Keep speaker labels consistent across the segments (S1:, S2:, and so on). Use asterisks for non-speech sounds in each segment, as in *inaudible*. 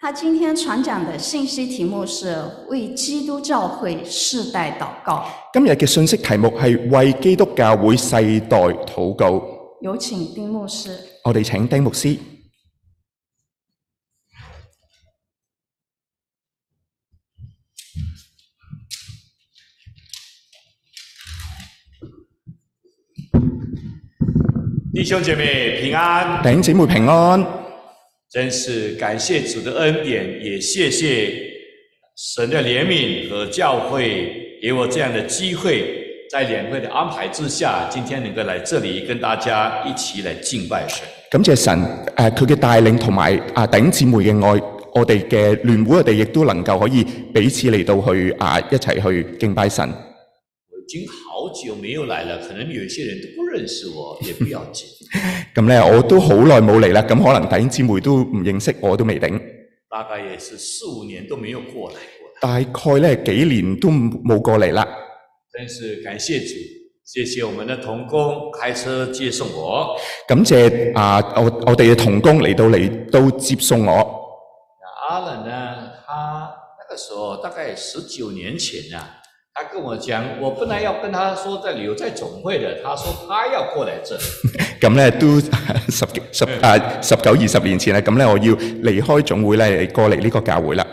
S1: 他今天傳講的信息題目是為基督教會世代禱告。
S2: 今日嘅信息題目係為基督教會世代禱告。有請丁牧師。我哋請丁牧師。
S1: 弟兄姐妹平安。弟兄姐
S2: 妹平安。
S1: 真是感謝主的恩典，也謝謝神的憐憫和教會，給我這樣的機會，在兩位的安排之下，今天能夠來這裡跟大家一起來敬拜神。
S2: 感謝神誒，佢、啊、嘅帶領同埋啊弟兄姊妹嘅愛，我哋嘅聯會，我哋亦都能夠可以彼此嚟到去啊一齊去敬拜神。
S1: 好久沒有來了，可能有一些人都不認識我，
S2: 也不要緊。咁 *laughs* 咧，我都好耐冇嚟啦，咁可能弟兄姊妹都唔認識我都未定。
S1: 大概也是四五年都沒有過來
S2: 過了。大概咧幾年都冇過嚟啦。
S1: 真是感謝主，謝謝我們的同工開車接送我。
S2: 感謝啊，我我哋嘅同工嚟到嚟都接送我。
S1: 阿倫呢，他那個時候大概十九年前啦、啊。他跟我講，我本來要跟他說在留在總會的，他說他要過來這。
S2: 咁 *laughs* 呢，都十十啊十九二十年前啦，咁呢，我要離開總會呢，過嚟呢個教會啦。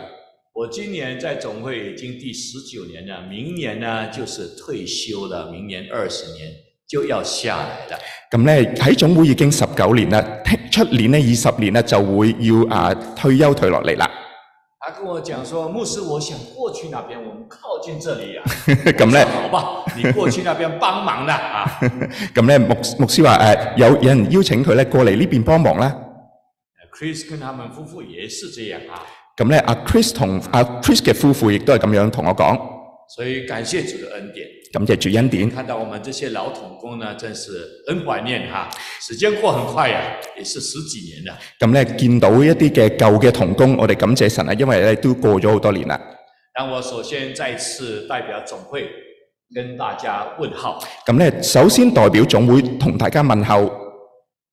S1: 我今年在總會已經第十九年了，明年呢，就是退休了，明年二十年就要下來啦。
S2: 咁呢，喺總會已經十九年啦，出年呢，二十年呢就會要啊退休退落嚟啦。
S1: 跟我講說，牧師，我想過去那邊，我們靠近這裏啊。
S2: 咁咧，好吧， *laughs* 你過去那
S1: 邊幫忙啦。
S2: *laughs* 啊，咁咧，牧牧師話誒、呃，有有人邀請佢咧過嚟呢邊幫忙啦。
S1: Chris 跟他們夫婦也是這樣啊。
S2: 咁、啊、咧，阿、啊、Chris 同阿、啊、Chris 嘅夫婦亦都係咁樣同我講。
S1: 所以感謝主嘅恩典。
S2: 感謝主恩典。
S1: 看到我們這些老同工呢，真是很懷念哈！時間過很快呀，啊，也是十幾年啦。
S2: 咁呢，見到一啲嘅舊嘅同工，我哋感謝神啊，因為咧都過咗好多年
S1: 啦。那我首先再次代表總會跟大家問候。
S2: 咁咧，首先代表總會同大家問候。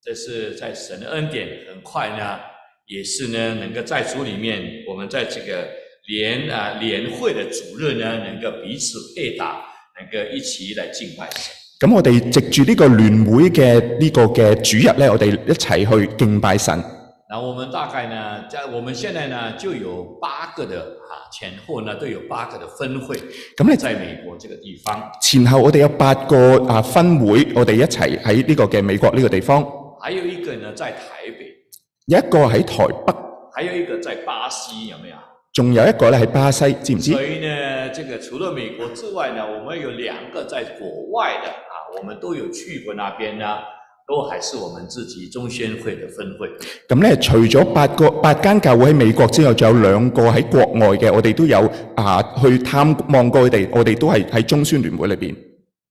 S1: 這是在神恩典，很快呢，也是呢，能夠在主裏面，我們在這個聯啊聯會的主任呢，能夠彼此配搭。能夠一起來敬拜神。
S2: 咁我哋藉住呢個聯會嘅呢個嘅主日咧，我哋一齊去敬拜神。
S1: 那我們大概呢，在我們現在呢就有八個的啊，前後呢都有八個的分會。咁你在美國這個地方，
S2: 前後我哋有八個啊分會，我哋一齊喺呢個嘅美國呢個地方。
S1: 還有一個呢在台北，有
S2: 一個喺台北，
S1: 還有一個在巴西，有沒有？
S2: 仲有一個咧喺巴西，知唔知？所以
S1: 呢，這個除了美國之外呢，我們有兩個在國外的啊，我們都有去過那邊呢都還是我們自己中宣會的分會。
S2: 咁、嗯、咧、嗯，除咗八個八間教會喺美國之外，仲有兩個喺國外嘅，我哋都有啊去探望過佢哋，我哋都係喺中宣聯會裏邊。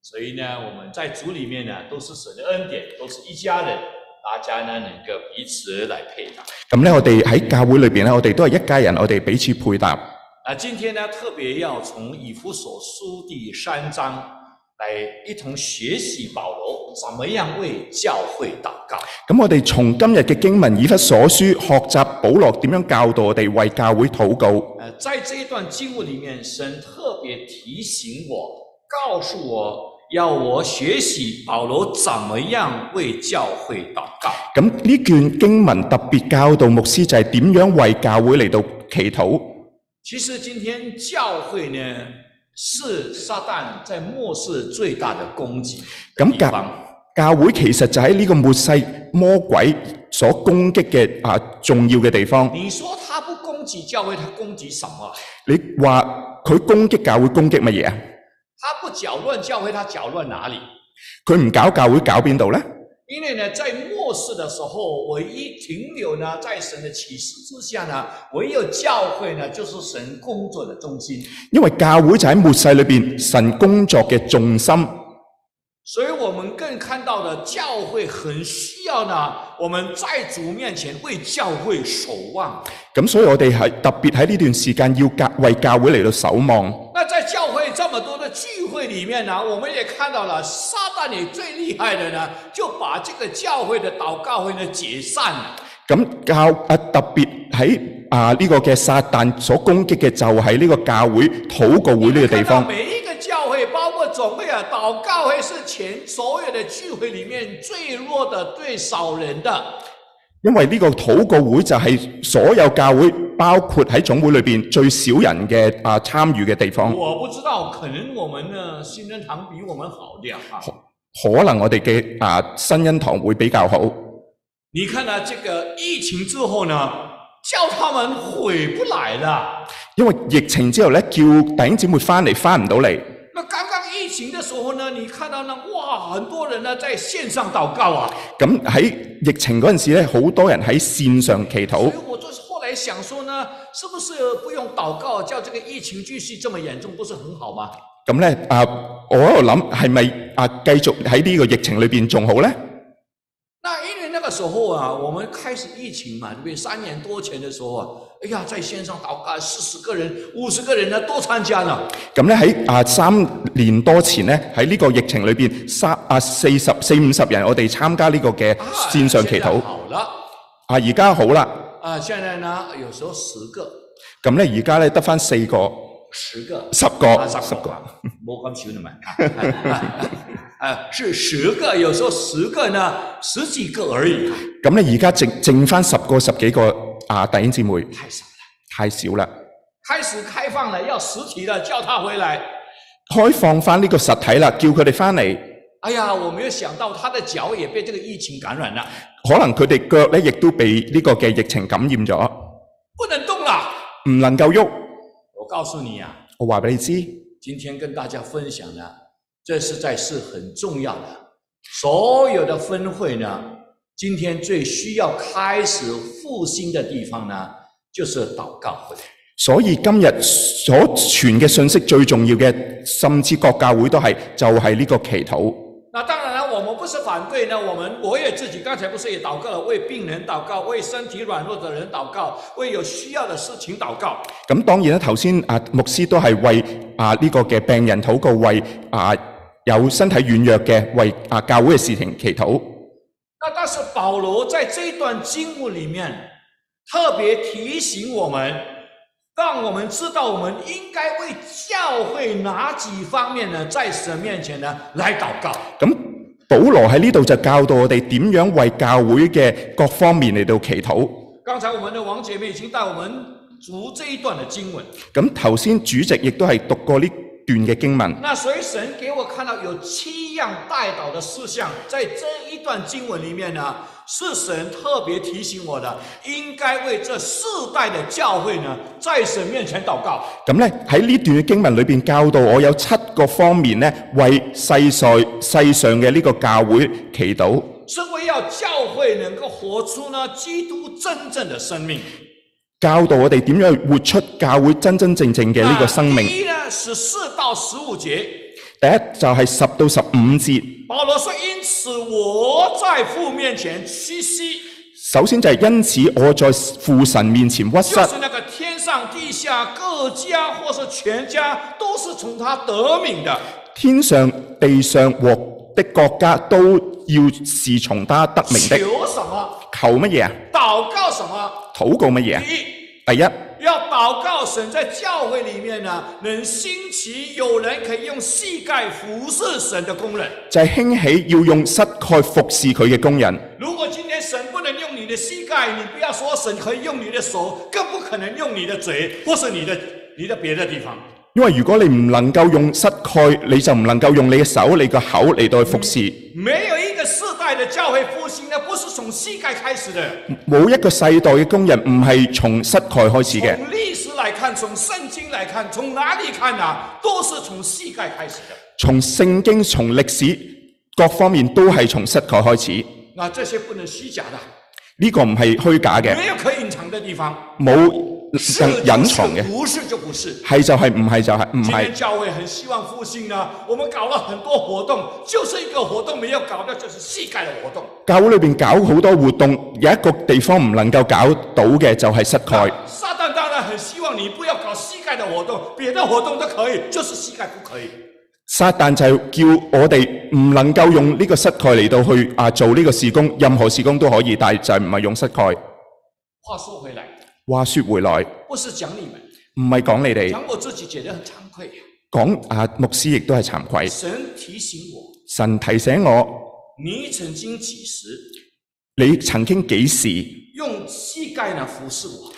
S1: 所以呢，我們在組裏面呢，都是神的恩典，都是一家人。大家呢能夠彼此來配搭，
S2: 咁呢，我哋喺教會裏面呢，我哋都係一家人，我哋彼此配搭。
S1: 啊，今天呢特別要從以弗所書第三章來一同學習保羅怎麼樣為教會禱告。
S2: 咁我哋從今日嘅經文以弗所書學習保羅點樣教導我哋為教會禱告。
S1: 在這一段經文裏面，神特別提醒我，告訴我。要我學習保羅怎麼樣為教會禱告？
S2: 咁呢卷經文特別教導牧師就係點樣為教會嚟到祈禱。
S1: 其實今天教會呢是撒旦在末世最大的攻擊的。
S2: 咁教教會其實就喺呢個末世魔鬼所攻擊嘅啊重要嘅地方。你
S1: 說他不攻擊教會，他攻擊什麼？
S2: 你話佢攻擊教會，攻擊乜嘢啊？
S1: 他不攪亂教會，他攪亂哪裏？
S2: 佢唔搞教會，搞邊度咧？
S1: 因為呢，在末世的時候，唯一停留呢，在神的啟示之下呢，唯有教會呢，就是神工作的中心。
S2: 因為教會就喺末世裏邊，神工作的重心。
S1: 所以我們更看到了教會，很需要呢，我們在主面前為教會守望。
S2: 咁所以我哋係特別喺呢段時間要教為教會嚟到守望。
S1: 那在教會這麼。裏面呢，我們也看到了撒旦裏最厲害的呢，就把這個教會的禱告會呢，解散。
S2: 咁教啊，特別喺啊呢、這個嘅撒旦所攻擊嘅就係呢個教會禱告會呢個地方。
S1: 每一個教會，包括總會有、啊、禱告會，是前所有的聚會裏面最弱的、最少人的。
S2: 因為呢個禱告會就係所有教會包括喺總會裏面最少人嘅啊參與嘅地方。我
S1: 不知道，可能我們嘅新人堂比我們好啲啊。
S2: 可能我哋嘅啊新人堂會比較好。
S1: 你看呢這個疫情之後呢，叫他們回不來啦。
S2: 因為疫情之後咧，叫弟兄姐妹翻嚟翻唔到嚟。
S1: 疫情的時候呢，你看到呢，哇，很多人呢在線上禱告
S2: 啊。咁喺疫情嗰陣時咧，好多人喺線上祈禱。所
S1: 以我就是後來想說呢，是不是不用禱告，叫這個疫情繼續這麼嚴重，不是很好嗎？
S2: 咁呢，啊，我喺度諗係咪啊，繼續喺呢個疫情裏邊仲好呢？
S1: 那因為那個時候啊，我們開始疫情嘛，因為三年多前的時候啊。哎呀，在線上禱啊，四十個人、五十個人呢都參加啦。
S2: 咁呢喺啊三年多前呢喺呢個疫情裏邊，三啊四十四五十人我哋參加呢個嘅線上祈禱。好啦啊，而家好啦。
S1: 啊，現在呢，有時候十個。
S2: 咁、嗯、呢而家、嗯、呢得翻四個。十個。十
S1: 個，十個十個。冇咁少，你咪。啊， *laughs* 是十個，有時候十個呢，十幾個而已。
S2: 咁呢而家剩剩翻十個十幾個。啊！弟兄姊妹，太少了，太少了，
S1: 開始開放了，要實體了，叫他回來。
S2: 開放翻呢個實體了，叫佢哋翻嚟。
S1: 哎呀，我沒有想到他的腳也被這個疫情感染了。
S2: 可能佢哋腳呢，亦都被呢個嘅疫情感染咗。不能動啦，唔能夠喐。
S1: 我告訴你啊，
S2: 我話俾你知，
S1: 今天跟大家分享呢，這實在是很重要的。所有的分會呢，今天最需要開始復興的地方呢，就是禱告。
S2: 所以今日所傳嘅信息最重要嘅，甚至各教會都係就係、是、呢個祈禱。
S1: 那當然啦，我們不是反對呢，我們我也自己剛才不是也禱告了，為病人禱告，為身體軟弱的人禱告，為有需要的事情禱告。
S2: 咁當然啦，頭先啊牧師都係為啊呢、這個嘅病人禱告，為啊有身體軟弱嘅，為啊教會嘅事情祈禱。
S1: 但是保羅在這一段經文裏面特別提醒我們，讓我們知道我們應該為教會哪幾方面呢，在神面前呢來禱告。
S2: 咁保羅喺呢度就教導我哋點樣為教會嘅各方面嚟到祈禱。
S1: 剛才我們的王姐妹已經帶我們讀這一段嘅經文，
S2: 咁頭先主席亦都係讀過呢段嘅經文，那
S1: 所以神給我看到有七樣代禱的事項，在這一段經文裏面呢，是神特別提醒我的，應該為這世代的教會呢，在神面前禱告。
S2: 咁呢，喺呢段經文裏邊教導我有七個方面呢，為世在世上嘅呢個教會祈禱，
S1: 是為要教會能夠活出呢基督真正的生命。
S2: 教導我哋點樣活出教會真真正正嘅呢個生命。第一
S1: 呢，十四到十五節。
S2: 第一就係十到十五節。
S1: 保羅說：因此我在父面前屈膝。
S2: 首先就係因此我在父神面前屈膝。就是
S1: 那個天上地下各家或是全家都是從他得名
S2: 的。天上地上和的國家都要是從他得名的。求什麼？求乜嘢
S1: 啊？禱告什麼？
S2: 禱告乜嘢，第
S1: 一要禱告神在教會裏面呢，能興起有人可以用膝蓋服侍神的工人，
S2: 就係興起要用膝蓋服侍佢嘅工人。
S1: 如果今天神不能用你的膝蓋，你不要說神可以用你的手，更不可能用你的嘴，或是你的你的別的地方。
S2: 因為如果你唔能夠用膝蓋，你就唔能夠用你嘅手、你嘅口嚟到去服侍。
S1: 沒有一個世代的教會復興，呢不是從膝蓋開始的。
S2: 冇一個世代嘅工人唔係從膝蓋開始嘅。從
S1: 歷史來看，從聖經來看，從哪裏看啊？都是從膝蓋開始的。
S2: 從聖經、從歷史各方面都係從膝蓋開始。
S1: 那這些不能虛假的。
S2: 呢、這個唔係虛假的。沒
S1: 有可以隱藏的地方。
S2: 冇。是就係，不是就不是，係就係，唔係就係，唔係。今
S1: 天教會很希望復興啊，我們搞了很多活動，就是一個活動沒有搞，那就是膝蓋的活動。
S2: 教會裏面搞好多活動，有一個地方唔能夠搞到嘅就係膝蓋。
S1: 撒旦當然很希望你不要搞膝蓋的活動，別的活動都可以，就是膝蓋不可以。
S2: 撒旦就係叫我哋唔能夠用呢個膝蓋嚟到去啊做呢個事工，任何事工都可以，但係就係唔係用膝蓋。
S1: 話說回來。
S2: 話說回來，唔係講你哋，講
S1: 我自己覺得很慚愧。
S2: 講啊，牧師亦都係慚愧。神
S1: 提醒我，
S2: 神提醒我，
S1: 你曾經幾時？
S2: 你曾經幾時
S1: 用膝蓋來服侍我？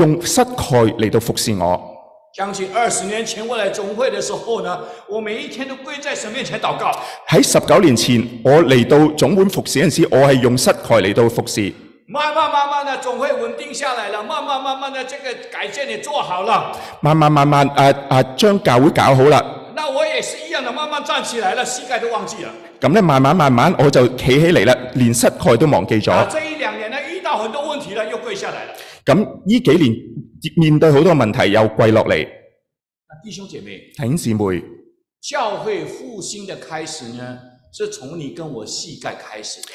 S2: 用膝蓋嚟到服侍我。
S1: 將近二十年前，我嚟總會的時候呢，我每一天都跪在神面前禱告。
S2: 喺十九年前，我嚟到總會服侍嗰陣時，我係用膝蓋嚟到服侍。
S1: 慢慢慢慢的總會穩定下來了，慢慢慢慢的這個改建也做好了，
S2: 慢慢慢慢啊啊將教會搞好了，
S1: 那我也是一樣的，慢慢站起來了，膝蓋都忘記了。
S2: 咁咧，慢慢慢慢我就企起嚟啦，連膝蓋都忘記咗、啊。這
S1: 一兩年呢，遇到很多問題啦，又跪下來了。
S2: 咁呢幾年面對好多問題又跪落嚟。
S1: 弟兄姐妹，
S2: 挺姊妹。
S1: 教會復興的開始呢，是從你跟我膝蓋開始的，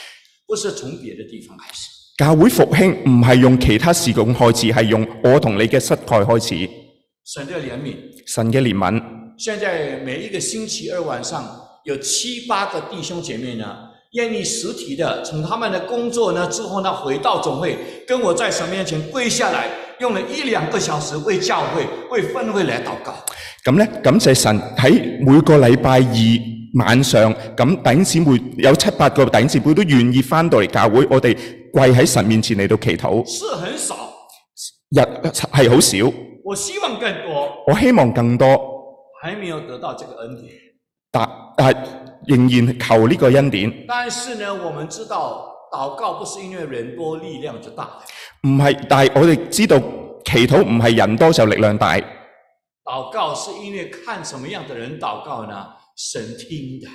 S1: 不是從別的地方開始。
S2: 教會復興唔係用其他事工開始，係用我同你嘅膝蓋開始。
S1: 神嘅憐憫，
S2: 神嘅憐憫。
S1: 現在每一個星期二晚上，有七八個弟兄姐妹呢，願意實體地從他們的工作呢之後呢，回到總會，跟我在神面前跪下來，用了一兩個小時為教會、為分會來禱告。
S2: 咁呢，感謝神喺每個禮拜二晚上，咁頂姊妹有七八個頂姊妹都願意翻到嚟教會，我哋。跪喺神面前嚟到祈禱，是很少，日係好少。
S1: 我希望更多，
S2: 我希望更多，
S1: 還沒有得到這個
S2: 恩典，但係、啊、仍然求呢個恩典。
S1: 但是呢，我們知道禱告不是因為人多力量就大，
S2: 唔係，但係我哋知道祈禱唔係人多就力量大。
S1: 禱告是因為看什麼樣的人禱告呢？神聽嘅，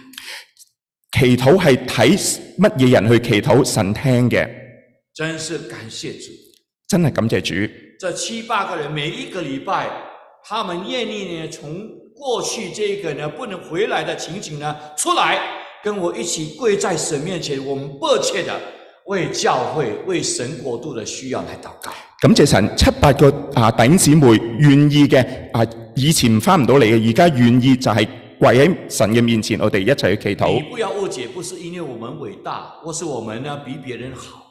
S2: 祈禱係睇乜嘢人去祈禱神聽嘅。
S1: 真是感謝主，
S2: 真係感謝主。
S1: 這七八個人每一個禮拜，他們願意呢，從過去這個呢不能回來的情景呢，出來跟我一起跪在神面前，我們迫切的為教會、為神國度的需要來禱告。
S2: 感謝神，七八個啊弟兄姊妹願意嘅啊，以前翻唔到嚟嘅，而家願意就係跪喺神嘅面前，我哋一齊去祈禱。你
S1: 不要誤解，不是因為我們偉大，或是我們呢比別人好。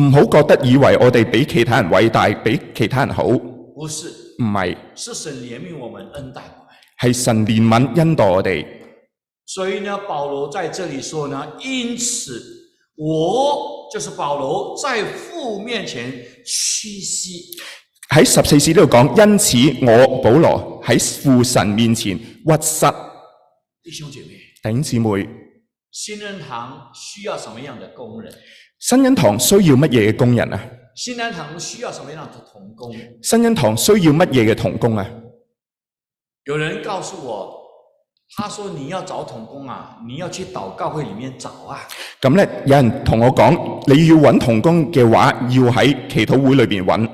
S2: 唔好覺得以為我哋比其他人偉大，比其他人好。不是，唔係，
S1: 是神憐憫我們恩待，
S2: 係神憐憫恩待我哋。
S1: 所以呢，保羅在這裡說呢，因此我就是保羅，在父面前屈膝。
S2: 喺十四節呢度講，因此我保羅喺父神面前屈膝。
S1: 弟兄姐妹，弟兄姊妹，新人堂需要什麼樣的工人？
S2: 新恩堂需要乜嘢嘅工人啊？
S1: 新恩堂需要什麼樣嘅同工？
S2: 新恩堂需要乜嘢嘅同工啊？
S1: 有人告訴我，他說，你要找同工啊，你要去禱告會裏面找啊。
S2: 咁咧，有人同我講，你要搵同工嘅話，要喺祈禱會裏邊搵。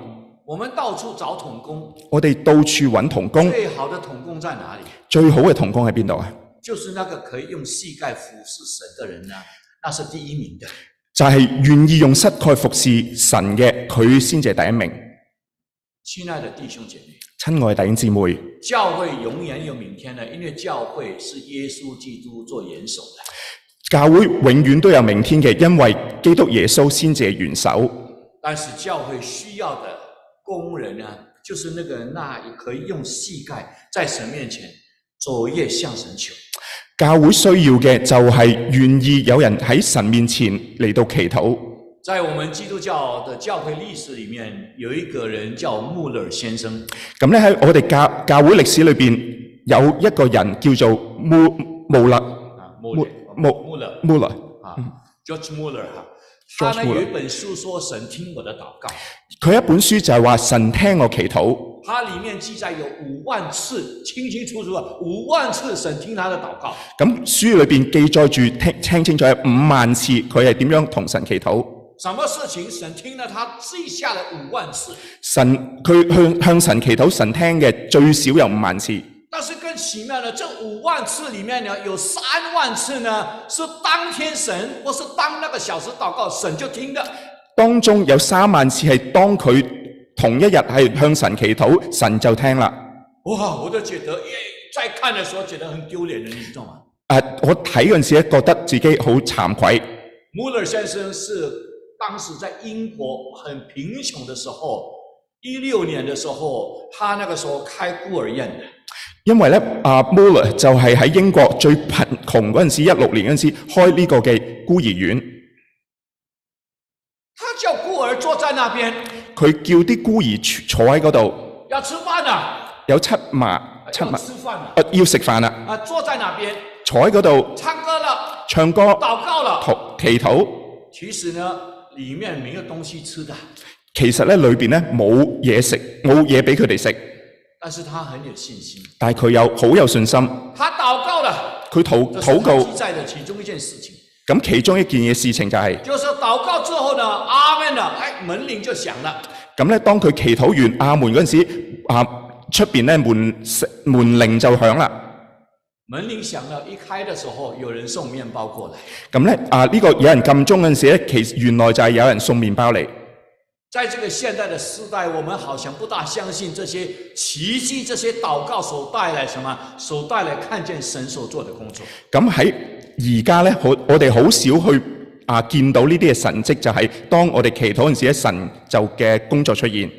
S1: 我們到處找同工。
S2: 我哋到處搵同工。最
S1: 好的同工在哪裏？
S2: 最好嘅同工喺邊度啊？
S1: 就是那個可以用膝蓋服侍神的人啊，那是第一名的。
S2: 就係願意用膝蓋服侍神嘅，佢先至係第一名。
S1: 親愛的弟兄姐妹，
S2: 親愛的弟兄姊妹，
S1: 教會永遠有明天嘅，因為教會是耶穌基督做元首
S2: 嘅。教會永遠都有明天嘅，因為基督耶穌先至係元首。
S1: 但是教會需要嘅工人呢、啊，就是那個那可以用膝蓋在神面前晝夜向神
S2: 求。教會需要的就是願意有人在神面前來到祈禱。
S1: 在我們基督教的教會歷史裏面，有一個人叫穆勒先生。
S2: 咁咧喺我哋教教會歷史裏面，有一個人叫做穆穆勒穆穆穆勒啊，George Muller, Muller,
S1: Muller, Muller, Muller, Muller 啊。他呢有一本書說神聽我的禱告，
S2: 佢一本書就係話神聽我祈禱。
S1: 他裏面記載有五萬次，清清楚楚，五萬次神聽他的禱告。
S2: 咁書裏面記載住聽清楚係五萬次，佢係點樣同神祈禱？
S1: 什麼事情神聽了他記下了五萬次？
S2: 神佢向向神祈禱，神聽嘅最少有五萬次。
S1: 但是更奇妙的，這五萬次裡面呢，有三萬次呢是當天神，不是當那個小時禱告神就聽的。
S2: 當中有三萬次是當佢同一日係向神祈禱，神就聽了。
S1: 哇，我都覺得，耶在看的時候覺得很丟臉的你知道
S2: 嗎？我睇嗰時候覺得自己好慚愧。
S1: 穆勒先生是當時在英國很貧窮的時候，一六年的時候，他那個時候開孤兒院的。
S2: 因為咧，阿穆勒就係喺英國最貧窮嗰陣時，一六年嗰陣時開呢個嘅孤兒院。
S1: 他叫孤兒坐在那邊。
S2: 佢叫啲孤兒坐喺嗰度。
S1: 要吃飯啊，
S2: 有七萬七萬。要吃飯。啊、呃，要食飯啊，
S1: 坐在那邊。
S2: 坐喺嗰度。唱歌啦。唱歌。禱告啦。祈禱。其
S1: 實呢，裏面沒有東西吃噶。
S2: 其實咧，裏邊咧冇嘢食，冇嘢俾佢哋食。沒東西給他們吃。
S1: 但是他很有信
S2: 心，但係佢有好有信心。
S1: 他禱告了，
S2: 佢禱禱告。記載
S1: 的其中一件事情。
S2: 咁其中一件嘢事情就係，
S1: 就是禱告之後呢，阿門啦，哎，門鈴就響啦。
S2: 咁咧，當佢祈禱完阿門嗰陣時，啊，出邊咧門門鈴就響啦。
S1: 門鈴響啦，一開的時候有人送麵包過來。
S2: 咁咧啊，呢個有人撳鐘嗰陣時咧，其實原來就係有人送麵包嚟。
S1: 在這個現代的時代，我們好像不大相信這些奇蹟、這些禱告所帶來什麼，所帶來看見神所做的工作。
S2: 咁喺而家呢，好我哋好少去啊見到呢啲嘅神蹟，就係、是、當我哋祈禱嗰陣時候，神就嘅工作出現。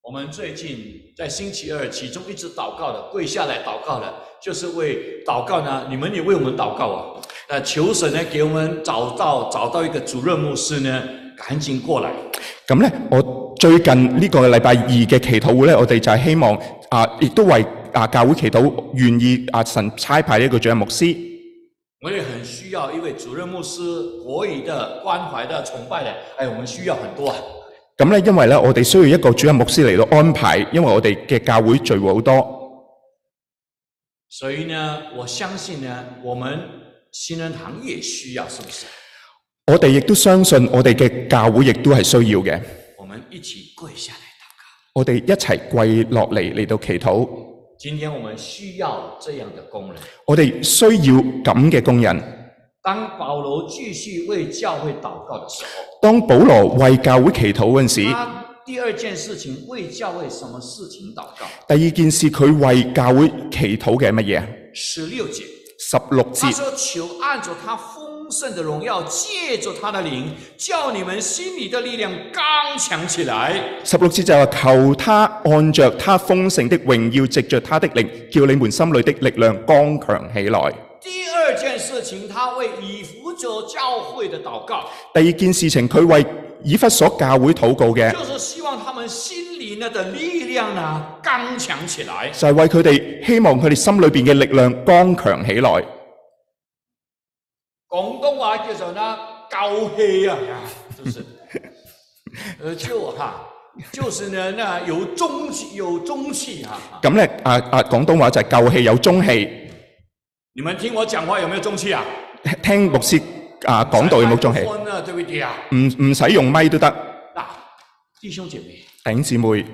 S1: 我們最近在星期二其中一直禱告的，跪下來禱告的，就是為禱告呢。你們也為我們禱告啊！啊，求神呢，給我們找到找到一個主任牧師呢。趕緊過嚟，
S2: 咁咧，我最近呢個禮拜二嘅祈禱會咧，我哋就係希望啊，亦都為啊教會祈禱，願意啊神差派一個主任牧師。
S1: 我哋很需要一位主任牧師，國語的關懷的崇拜的，哎，我們需要很多啊。
S2: 咁咧，因為咧，我哋需要一個主任牧師嚟到安排，因為我哋嘅教會聚會好多。
S1: 所以呢，我相信呢，我們新人堂也需要，是不是？
S2: 我哋亦都相信，我哋嘅教會亦都係需要嘅。
S1: 我們一起跪下來禱
S2: 告。我哋一齊跪落嚟嚟到祈禱。
S1: 今天我們需要這樣的工人。
S2: 我哋需要咁嘅工人。
S1: 當保羅繼續為教會禱告的時候，
S2: 當保羅為教會祈禱嗰陣時，
S1: 第二件事情為教會什麼事情禱告？
S2: 第二件事佢為教會祈禱嘅乜嘢？
S1: 十六節，
S2: 十六節。他說
S1: 求按照他。聖的榮耀，借着他的靈，叫你們心裏的力量剛強起來。
S2: 十六節就話求他按着他豐盛的榮耀，藉着他的靈，叫你們心裏的力量剛強起來。
S1: 第二件事情，他為以弗所教會的禱告。
S2: 第二件事情，佢為以弗所教會禱告嘅，就
S1: 是希望他們心裏呢的力量呢剛強起來，就係、是、
S2: 為佢哋希望佢哋心裏邊嘅力量剛強起來。
S1: 廣東話叫做呢夠氣啊，是不是？而就哈，就是呢，呢有中氣有中氣哈。
S2: 咁咧，啊啊，廣東話就係夠氣有中氣。
S1: 你們聽我講話，有沒有中氣啊？
S2: 聽牧師啊講道有冇中氣？
S1: 對唔對呀？
S2: 唔唔使用咪都得。
S1: 嗱，弟兄姐妹。
S2: 頂姊妹。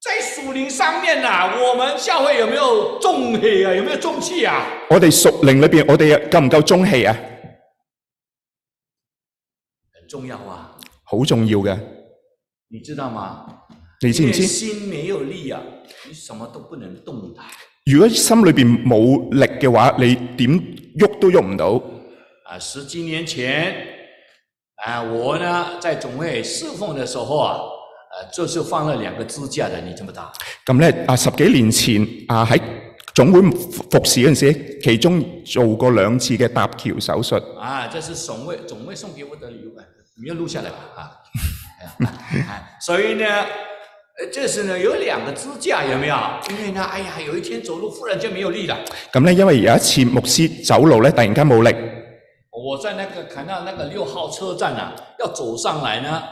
S1: 在屬靈上面啦，我們教會有沒有中氣啊？有沒有中氣啊？
S2: 我哋屬靈裏邊，我哋夠唔夠中氣啊？重要啊，好重要嘅，
S1: 你知道嗎？
S2: 你知唔知？心
S1: 沒有力啊，你什麼都不能動的。
S2: 如果心裏邊冇力嘅話，你點喐都喐唔到。
S1: 啊，十幾年前，啊、呃，我呢在總會侍奉的時候啊，啊、呃，就是放了兩個支架的，你這麼大。
S2: 咁咧啊，十幾年前啊喺、呃、總會服侍嗰陣時，其中做過兩次嘅搭橋手術。
S1: 啊，這是總會總會送給我的禮物。沒有錄下
S2: 來吧、啊 *laughs* 啊，啊，
S1: 所以呢，這次呢有兩個支架，有沒有？因為呢，哎呀，有一天走路忽然間沒有力了。
S2: 咁呢，因為有一次牧師走路呢，突然間冇力。
S1: 我在那個看到那，那個六號車站啊，要走上來呢，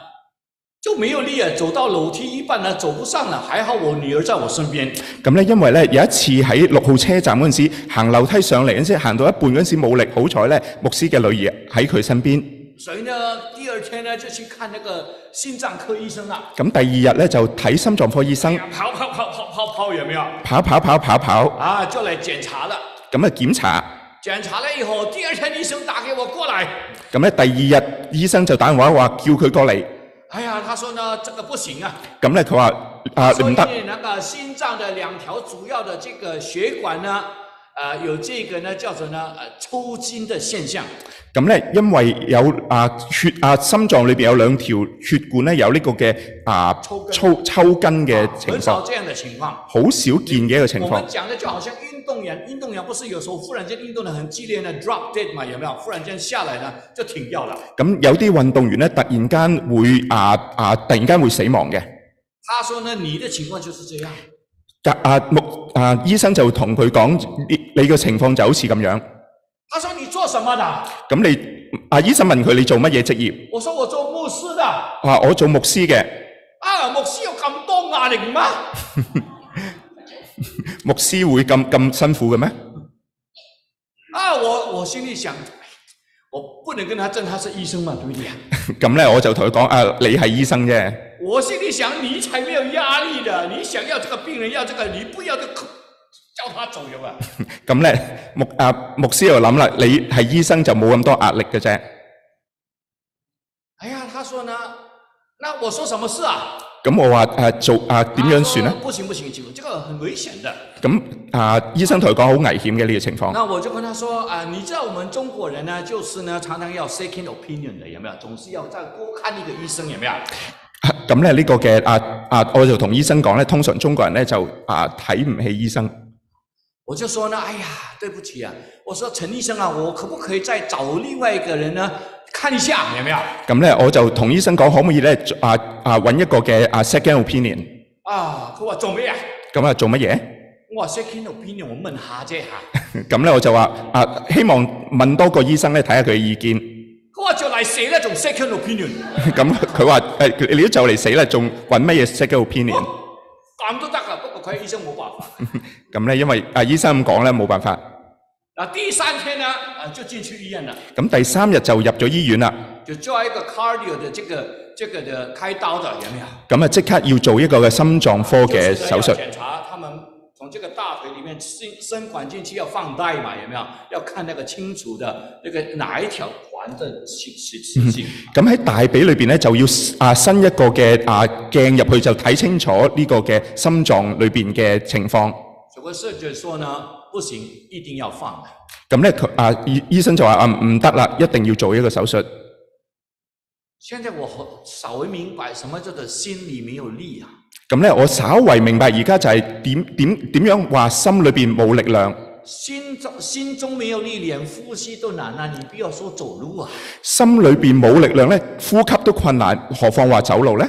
S1: 就沒有力啊，走到樓梯一半呢，走不上啦。還好我女兒在我身邊。
S2: 咁呢，因為呢，有一次喺六號車站嗰陣時行樓梯上嚟嗰陣時，行到一半嗰陣時冇力，好彩呢，牧師嘅女兒喺佢身邊。
S1: 所以呢，第二天呢就去看那個心臟科醫生啦。
S2: 咁第二日呢就睇心臟科醫生。
S1: 跑跑跑跑跑跑，有沒有？跑
S2: 跑跑，跑跑跑跑。
S1: 啊，就嚟檢查啦。
S2: 咁啊，檢查。
S1: 檢查了以後，第二天醫生打給我過來。
S2: 咁呢，第二日醫生就打電話話叫佢過嚟。
S1: 哎呀，他說呢，這個不行啊。
S2: 咁呢，佢話啊，唔得。
S1: 所以，那個心臟的兩條主要的這個血管呢？啊、呃，有這個呢，叫做呢，呃抽筋的現象。
S2: 咁、嗯、呢因為有啊血啊心臟裏邊有兩條血管呢有呢個嘅啊抽抽筋嘅情況、啊。很少這
S1: 樣的情況。
S2: 好少見嘅一個情況。嗯、我們
S1: 講嘅就好像運動員，運動員不是有時候忽然間運動得很激烈呢，drop dead 嘛，有沒有？忽然間下來呢，就停掉了。
S2: 咁有啲運動員呢突然間會啊啊，突然間會死亡嘅。
S1: 他說呢，你的情況就是這樣。
S2: 阿、啊、阿、啊、牧、啊、醫生就同佢講：你你個情況就好似咁樣。
S1: 阿生，你做什麼的？
S2: 咁你阿、啊、醫生問佢你做乜嘢職業？
S1: 我說我做牧師的。
S2: 啊，我做牧師嘅。
S1: 啊，牧師有咁多壓力咩？
S2: *laughs* 牧師會咁咁辛苦嘅咩？
S1: 啊，我我心裏想。我不能跟他爭，他是醫生嘛，對唔對啊？
S2: 咁 *laughs* 呢，我就同佢講，你係醫生啫。
S1: 我心裏想，你才沒有壓力的，你想要這個病人要這個，你不要就叫他走，有冇
S2: 啊？咁呢，牧誒牧師又諗了，你係醫生就冇咁多壓力嘅啫。
S1: 哎呀，他說呢，那我說什麼事啊？
S2: 咁我話誒、啊、做誒點、啊、樣算呢？啊哦、
S1: 不行不行，這個很危險的。
S2: 咁啊，醫生同佢講好危險嘅呢、這個情況。那
S1: 我就跟他說，啊，你知道我們中國人呢，就是呢，常常要 second opinion 嘅，有沒有？總是要再多看一個醫生，有沒有？
S2: 咁咧呢個嘅啊啊，我就同醫生講咧，通常中國人咧就啊睇唔起醫生。
S1: 我就說呢，哎呀，對不起啊，我說陳醫生啊，我可不可以再找另外一個人呢？看一下有
S2: 冇啊？咁咧我就同醫生講，可唔可以咧啊啊揾一個嘅啊 second opinion
S1: 啊？佢話做咩啊？咁啊做乜嘢？我話 second opinion，我問下啫吓。
S2: 咁咧我就話啊，希望問多個醫生咧睇下佢嘅意見。
S1: 佢話就嚟死啦，仲 second opinion？
S2: 咁佢話誒，你都就嚟死啦，仲揾乜嘢 second opinion？
S1: 咁都得噶，不過佢醫生冇辦法。
S2: 咁咧，因為啊醫生咁講咧，冇辦法。
S1: 嗱，第三天咧。就進去醫院啦。
S2: 咁第三日就入咗醫院啦。
S1: 就做一個 cardio 的這個、這個的開刀的，有
S2: 冇？咁啊，即刻要做一個嘅心臟科嘅手術。
S1: 檢查佢哋從這個大腿裡面伸伸管進去要放帶嘛，有冇？要看那個清楚的那個哪一條管的形形形狀。咁喺
S2: 大髀裏邊咧就要啊伸一個嘅啊鏡入去就睇清楚呢個嘅心臟裏邊嘅情況。
S1: 不行，一定要放。
S2: 咁咧，阿醫醫生就話：，唔唔得啦，一定要做一個手術。
S1: 現在我稍微明白什麼叫做心裏沒有力啊。
S2: 咁咧，我稍微明白而家就係點點點樣話心裏邊冇力量。
S1: 心心中沒有力，連呼吸都難啊，你不要說走路啊。
S2: 心裏邊冇力量咧，呼吸都困難，何況話走路咧？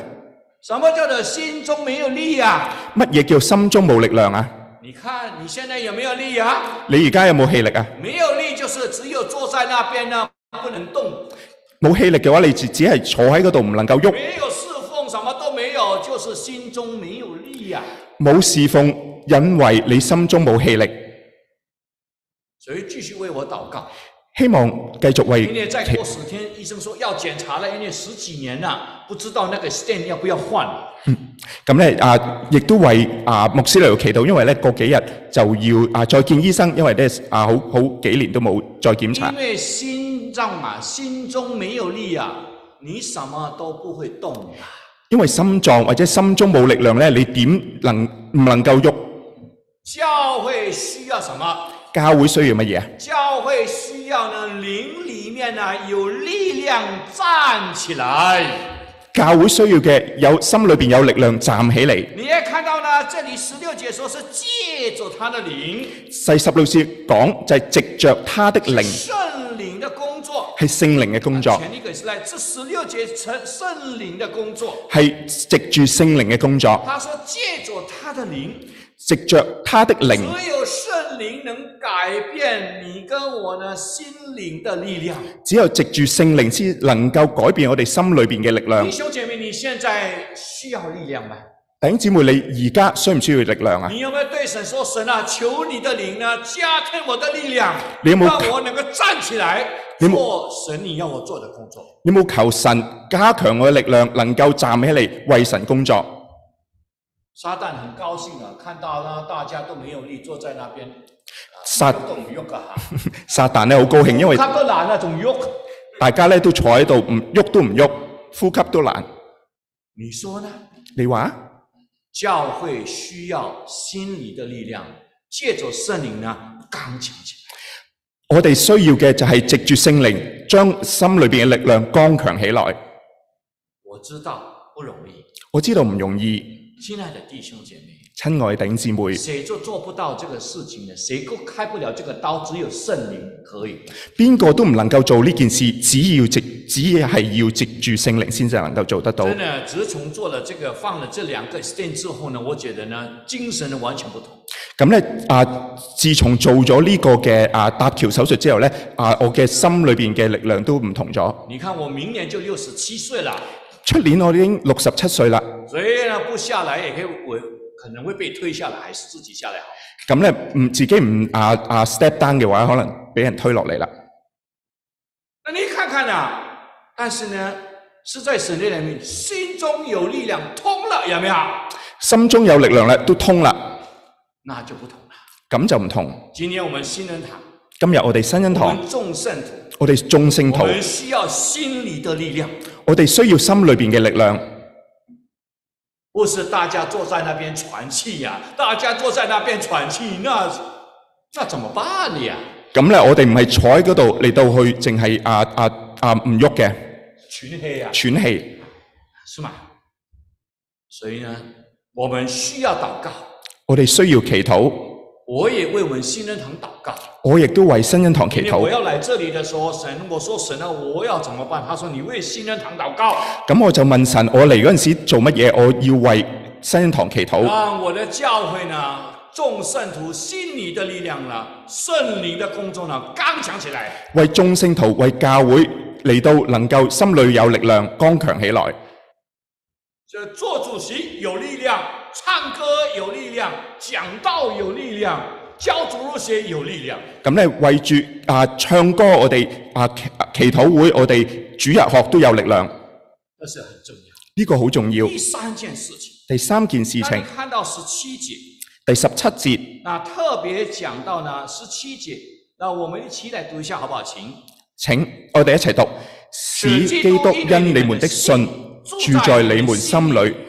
S1: 什麼叫做心中沒有力啊？
S2: 乜嘢叫心中冇力量啊？
S1: 你看你現在有沒有力啊？
S2: 你而家有冇氣力啊？
S1: 沒有力，就是只有坐在那邊啦，不能動。
S2: 冇氣力嘅話，你只只係坐喺嗰度，唔能夠喐。
S1: 沒有侍奉，什麼都沒有，就是心中沒有力呀、啊。
S2: 冇侍奉，因為你心中冇氣力。
S1: 所以繼續為我禱告。
S2: 希望繼續為。明年再過十
S1: 天，醫生說要檢查啦。因為十幾年啦，不知道那個 stent 要不要換。嗯，
S2: 咁咧啊，亦都為啊牧師嚟求祈禱，因為咧過幾日就要啊再見醫生，因為咧啊好好幾年都冇再檢查。因
S1: 為心臟啊，心中沒有力啊，你什麼都不會動啊。
S2: 因為心臟或者心中冇力量咧，你點能唔能夠喐？
S1: 教會需要什麼？
S2: 教會需要乜嘢？
S1: 教會需要呢靈裏面呢有力量站起
S2: 來。教會需要嘅有心裏邊有力量站起嚟。
S1: 你也看到呢，這裏十六節說是借着他的靈。
S2: 細十老師講就係藉着他的靈。
S1: 聖靈的工
S2: 作係聖靈嘅工作。前一
S1: 個是來，這十六節聖聖靈的工作係藉住聖靈嘅工作。他說借着他的靈。
S2: 藉着他的靈，只
S1: 有聖靈能改變你跟我呢心靈的力量。
S2: 只有藉住聖靈才能夠改變我哋心裡面嘅力量。弟兄
S1: 姐妹，你現在需要力量嗎？弟
S2: 兄姐妹，你而家需唔需要力量啊？你
S1: 有冇對神說：神啊，求你的靈呢，加開我的力量，
S2: 你有沒有，讓我
S1: 能夠站起來做神你要我做的工作。你
S2: 有冇求神加強我嘅力量，能夠站起嚟為神工作。
S1: 撒旦很高興啊，看到啦，大家都沒有力，坐在那邊，啊、撒都唔喐噶，
S2: 撒旦咧好高興，因為佢
S1: 難那種喐，
S2: 大家咧都坐喺度，唔喐都唔喐，呼吸都難。
S1: 你說呢？你話？教會需要心理的力量，借着聖靈呢，剛強起來。
S2: 我哋需要嘅就係藉住聖靈，將心裏邊嘅力量剛強起來。
S1: 我知道不容易，
S2: 我知道唔容易。
S1: 親愛的弟兄姐妹，
S2: 親愛的弟兄姐妹，誰
S1: 就做，做不到這個事情呢？誰夠開不了這個刀？只有聖靈可以。
S2: 邊個都唔能夠做呢件事，只要直，只要係要藉住聖靈，先至能夠做得到。真
S1: 的，自從做了這個放了這兩個線之後呢，我覺得呢精神完全不同。
S2: 咁呢，啊，自從做咗呢個嘅啊搭橋手術之後呢，啊，我嘅心裏邊嘅力量都唔同咗。
S1: 你看我明年就六十七歲啦。
S2: 出年我已經六十七歲啦。
S1: 所以呢，不下來亦都我可能會被推下來，還是自己下來好？
S2: 咁咧，唔自己唔啊啊 step down 嘅話，可能俾人推落嚟啦。
S1: 那你看看啊，但是呢，是在神嘅裏面，心中有力量，通了，有冇？
S2: 心中有力量咧，都通啦。
S1: 那就不同啦。
S2: 咁就唔同。
S1: 今天我們新人堂。
S2: 今日我哋新恩堂，我哋眾聖堂，我們需
S1: 要心裏的力量，
S2: 我哋需要心裏邊嘅力量，
S1: 不是大家坐在那邊喘氣呀，大家坐在那邊喘氣，那那怎麼辦呀？
S2: 咁咧，我哋唔係坐喺嗰度嚟到去淨係啊啊啊唔喐嘅，
S1: 喘氣啊，喘氣，是嘛，所以呢，我們需要禱告，
S2: 我哋需要祈禱。
S1: 我也會為新人堂禱告，
S2: 我亦都為新人堂祈禱。因為我要來
S1: 這裏的時候，神，我說神啊，我要怎麼辦？他說你為新人堂禱告。
S2: 咁我就問神，我嚟嗰陣時候做乜嘢？我要為新人堂祈禱。
S1: 啊，我的教會呢，眾聖徒心裏的力量呢，聖靈的工作呢，剛強起來。
S2: 為眾聖徒，為教會嚟到能夠心裏有力量，剛強起來。
S1: 就做主席有力量。唱歌有力量，講道有力量，教主日學有力量。
S2: 咁咧為住啊、呃、唱歌我，我哋啊祈禱會，我哋主日學都有力量。呢、這個好重要。第
S1: 三件事情。
S2: 第三件事情。
S1: 看到十七節，
S2: 第十七節。
S1: 那特別講到呢十七節，那我們一起來讀一下，好不好？請，
S2: 請我哋一齊讀，使基督，基督因你們的信住在，你們的心裏，住在你們心裏。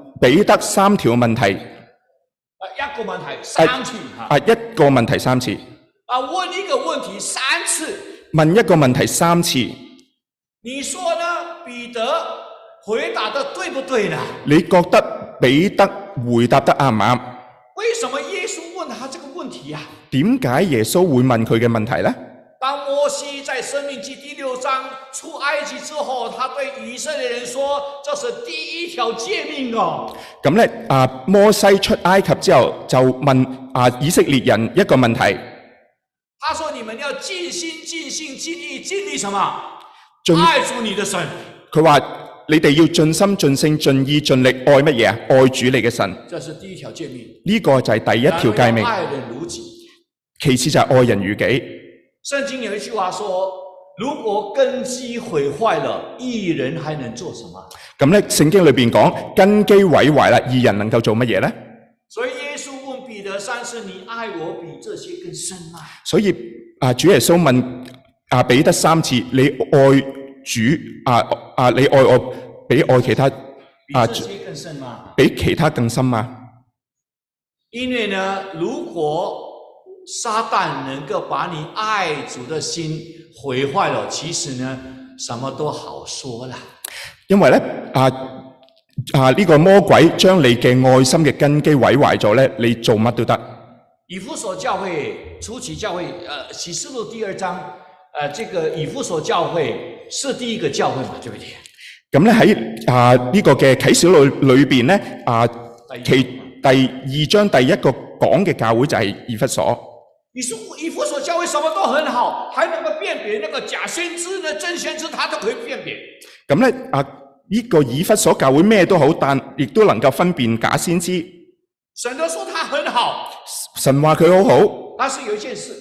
S2: 彼得三條問題，
S1: 啊，一個問題三次。啊，一
S2: 個問題三次。
S1: 啊，問一個問題三次。
S2: 問一個問題三次。
S1: 你說呢，彼得回答得對不對呢？
S2: 你覺得彼得回答得啱唔啱？
S1: 為什麼耶穌問他這個問題啊？
S2: 點解耶穌會問佢嘅問題呢？
S1: 當摩西在《申命記》第六章。埃及之後，他對以色列人說：這是第一條誡命的。那麼呢，啊！
S2: 咁咧，啊摩西出埃及之後就問啊以色列人一個問題，
S1: 他說：你們要盡心、盡心、盡力、盡力、盡心、盡性、盡意、
S2: 盡力什麼？愛主你的神。佢話：你哋要盡心、盡性、盡意、盡力愛乜嘢？愛主你嘅神。
S1: 這是第一條誡命。
S2: 呢、這個就係第一條誡命，愛人如己。其次就係愛人如己。
S1: 聖經有一句話說。如果根基毀壞了，義人還能做什麼？
S2: 咁呢？聖經裏邊講根基毀壞了，義人能夠做乜嘢呢？
S1: 所以耶穌問彼得三次，你愛我比這些更深嗎？
S2: 所以啊，主耶穌問啊，彼得三次，你愛主啊啊，你愛我比愛其他啊，比這些更深嗎？比其他更深嗎？
S1: 因為呢，如果撒旦能夠把你愛主的心，毀壞了，其實呢，什麼都好說了。
S2: 因為呢，啊啊呢、這個魔鬼將你嘅愛心嘅根基毀壞咗咧，你做乜都得。
S1: 以弗所教會初期教會，誒啟示錄第二章，誒、啊，這個以弗所教會是第一個教會嘛，對不對？
S2: 咁咧喺啊呢個嘅啟示錄裏邊咧啊，這個、呢啊第其第二章第一個講嘅教會就係以弗所。
S1: 以以教會什麼都很好，還能夠辨別那個假先知呢？那個、真先知他都可以辨別。
S2: 咁呢，阿呢個以弗所教會咩都好，但亦都能夠分辨假先知。
S1: 神都說他很好，
S2: 神話佢好好。
S1: 但是有一件事，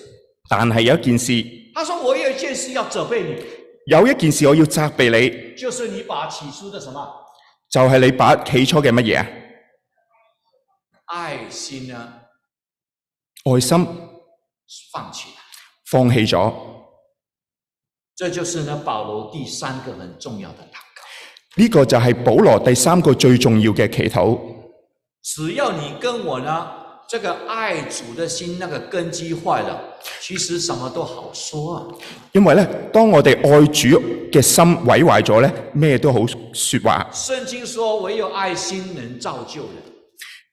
S2: 但係有一件事，
S1: 他說我有一件事要責備你，
S2: 有一件事我要責備你，
S1: 就是你，就是你把起初的什麼？
S2: 就係你把起初嘅乜嘢？
S1: 愛心啊，
S2: 愛心。放棄放棄咗，
S1: 這就是呢保羅第三個很重要的禱
S2: 告。呢個就係保羅第三個最重要嘅祈禱。
S1: 只要你跟我呢，這個愛主的心，那個根基壞了，其實什麼都好說啊。
S2: 因為呢，當我哋愛主嘅心毀壞咗呢，咩都好說話。
S1: 聖經說，唯有愛心能造就人。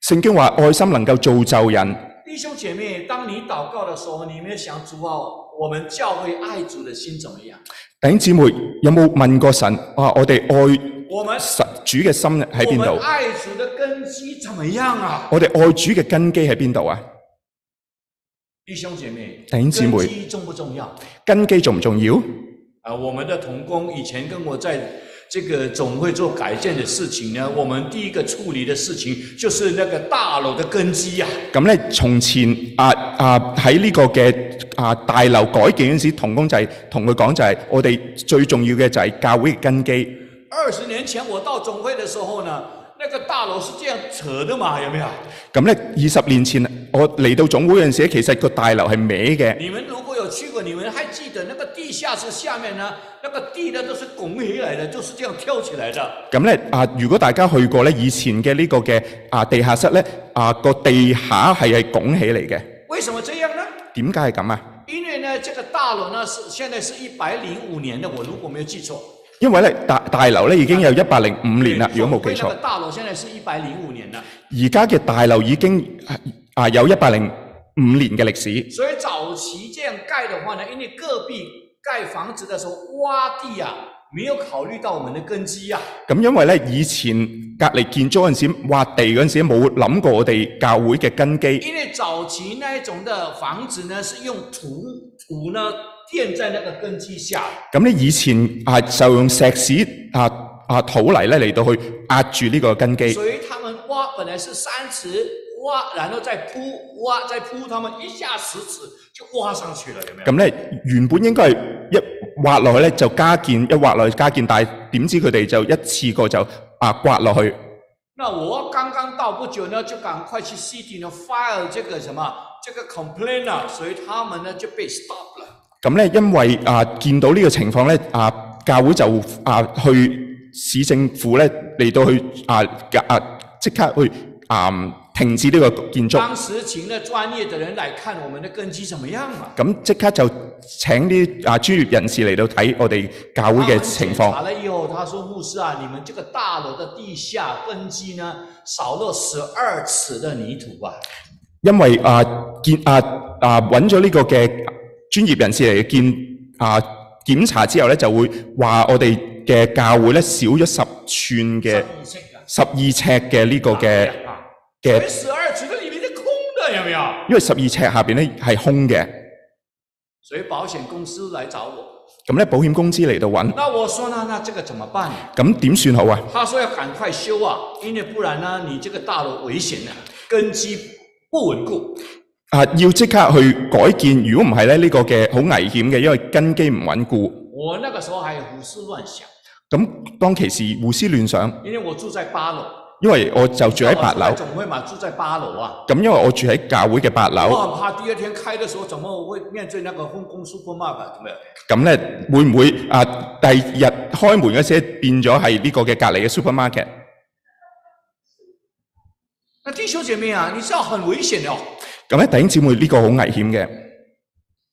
S2: 聖經話，愛心能夠造就人。
S1: 弟兄姐妹，當你禱告的時候，你有沒有想主啊，我們教會愛主的心怎麼樣？
S2: 弟兄姊妹有冇有問過神啊？我哋愛我們神主嘅心喺邊度？我們
S1: 愛主的根基怎麼樣啊？
S2: 我哋愛主嘅根基喺邊度啊？
S1: 弟兄姐妹，根基重不重要？
S2: 根基重唔重要？
S1: 啊，我們的同工以前跟我在。這個總會做改建的事情呢？我們第一個處理的事情就是那個大樓的根基啊。
S2: 咁呢從前啊啊喺呢個嘅啊大樓改建嗰時，同工就係同佢講就係，我哋最重要嘅就係教會嘅根基。
S1: 二十年前我到總會嘅時候呢，那個大樓是這樣扯的嘛？有沒有？
S2: 咁呢二十年前我嚟到總會嗰時，其實個大樓係歪嘅。
S1: 你們如果去過你們還記得那個地下室下面呢？那個地呢都是拱起來的，就是這樣跳起來的。
S2: 咁呢啊，如果大家去過呢，以前嘅呢個嘅啊地下室呢啊個地下係係拱起嚟嘅。
S1: 為什麼這樣呢？
S2: 點解係咁啊？
S1: 因為呢，這個大樓呢是現在是一百零五年啦，我如果沒有記錯。
S2: 因為咧大大樓咧已經有一百零五年啦，如果冇記錯。呢個
S1: 大樓現在是一百零五年啦。
S2: 而家嘅大樓已經啊有一百零。五年嘅歷史，
S1: 所以早期這樣建蓋的話呢，因為隔壁蓋房子的時候挖地啊，沒有考慮到我們的根基啊。
S2: 咁因為呢，以前隔籬建築嗰陣時挖地嗰陣時冇諗過我哋教會嘅根基。因
S1: 為早期那一種嘅房子呢，是用土土呢墊在那個根基下。
S2: 咁呢，呢那那你以前啊就用石屎啊啊土泥呢嚟到去壓住呢個根基。所
S1: 以他們挖本來是三尺刮，然後再鋪再鋪，他們一下石子就挖上去了，咁
S2: 咧，原本應該係一挖落去咧就加建，一挖落去加建，但係點知佢哋就一次過就啊刮落去。
S1: 那我剛剛到不久呢，就趕快去 city 呢 file 這個什麼 odka, 嗯嗯嗯，這個 complainer，所以他們呢就被 stop 了
S2: 咁咧，因為啊見到呢個情況咧，啊教會就啊去市政府咧嚟到去啊啊即刻去啊。停止呢個建築。當時
S1: 請咗專業的人來看我們的根基怎麼樣嘛、啊。
S2: 咁即刻就請啲啊專業人士嚟到睇我哋教會嘅情況。打了
S1: 以後，他說牧師啊，你們這個大樓嘅地下根基呢，少了十二尺的泥土啊。
S2: 因為啊見啊啊揾咗呢個嘅專業人士嚟見啊檢查之後咧，就會話我哋嘅教會咧少咗十吋嘅十二尺嘅呢個嘅。30, 30. 30. 30. 30.
S1: 十二尺裏面係空的，有冇？因
S2: 為十二尺下邊咧係空嘅，
S1: 所以保險公司來找我。
S2: 咁咧，保險公司嚟到揾。
S1: 那我說呢，那這個怎麼辦？
S2: 咁點算好啊？
S1: 他說要趕快修啊，因為不然呢，你這個大樓危險啦，根基不穩固。
S2: 啊，要即刻去改建。如果唔係咧，呢個嘅好危險嘅，因為根基唔穩固。
S1: 我那個時候還胡思亂想。
S2: 咁當其時胡思亂想。
S1: 因為我住在八樓。
S2: 因為我就住喺八
S1: 樓，
S2: 咁因為我住喺教會嘅八樓。我怕
S1: 第二天開嘅時候，怎麼會面對那個工工 supermarket？
S2: 咁咧會唔會啊？第日開門嗰時候變咗係呢個嘅隔籬嘅 supermarket？
S1: 那弟兄姐妹啊，你知道，很危險嘅。
S2: 咁啊，弟兄姊妹呢個好危險嘅。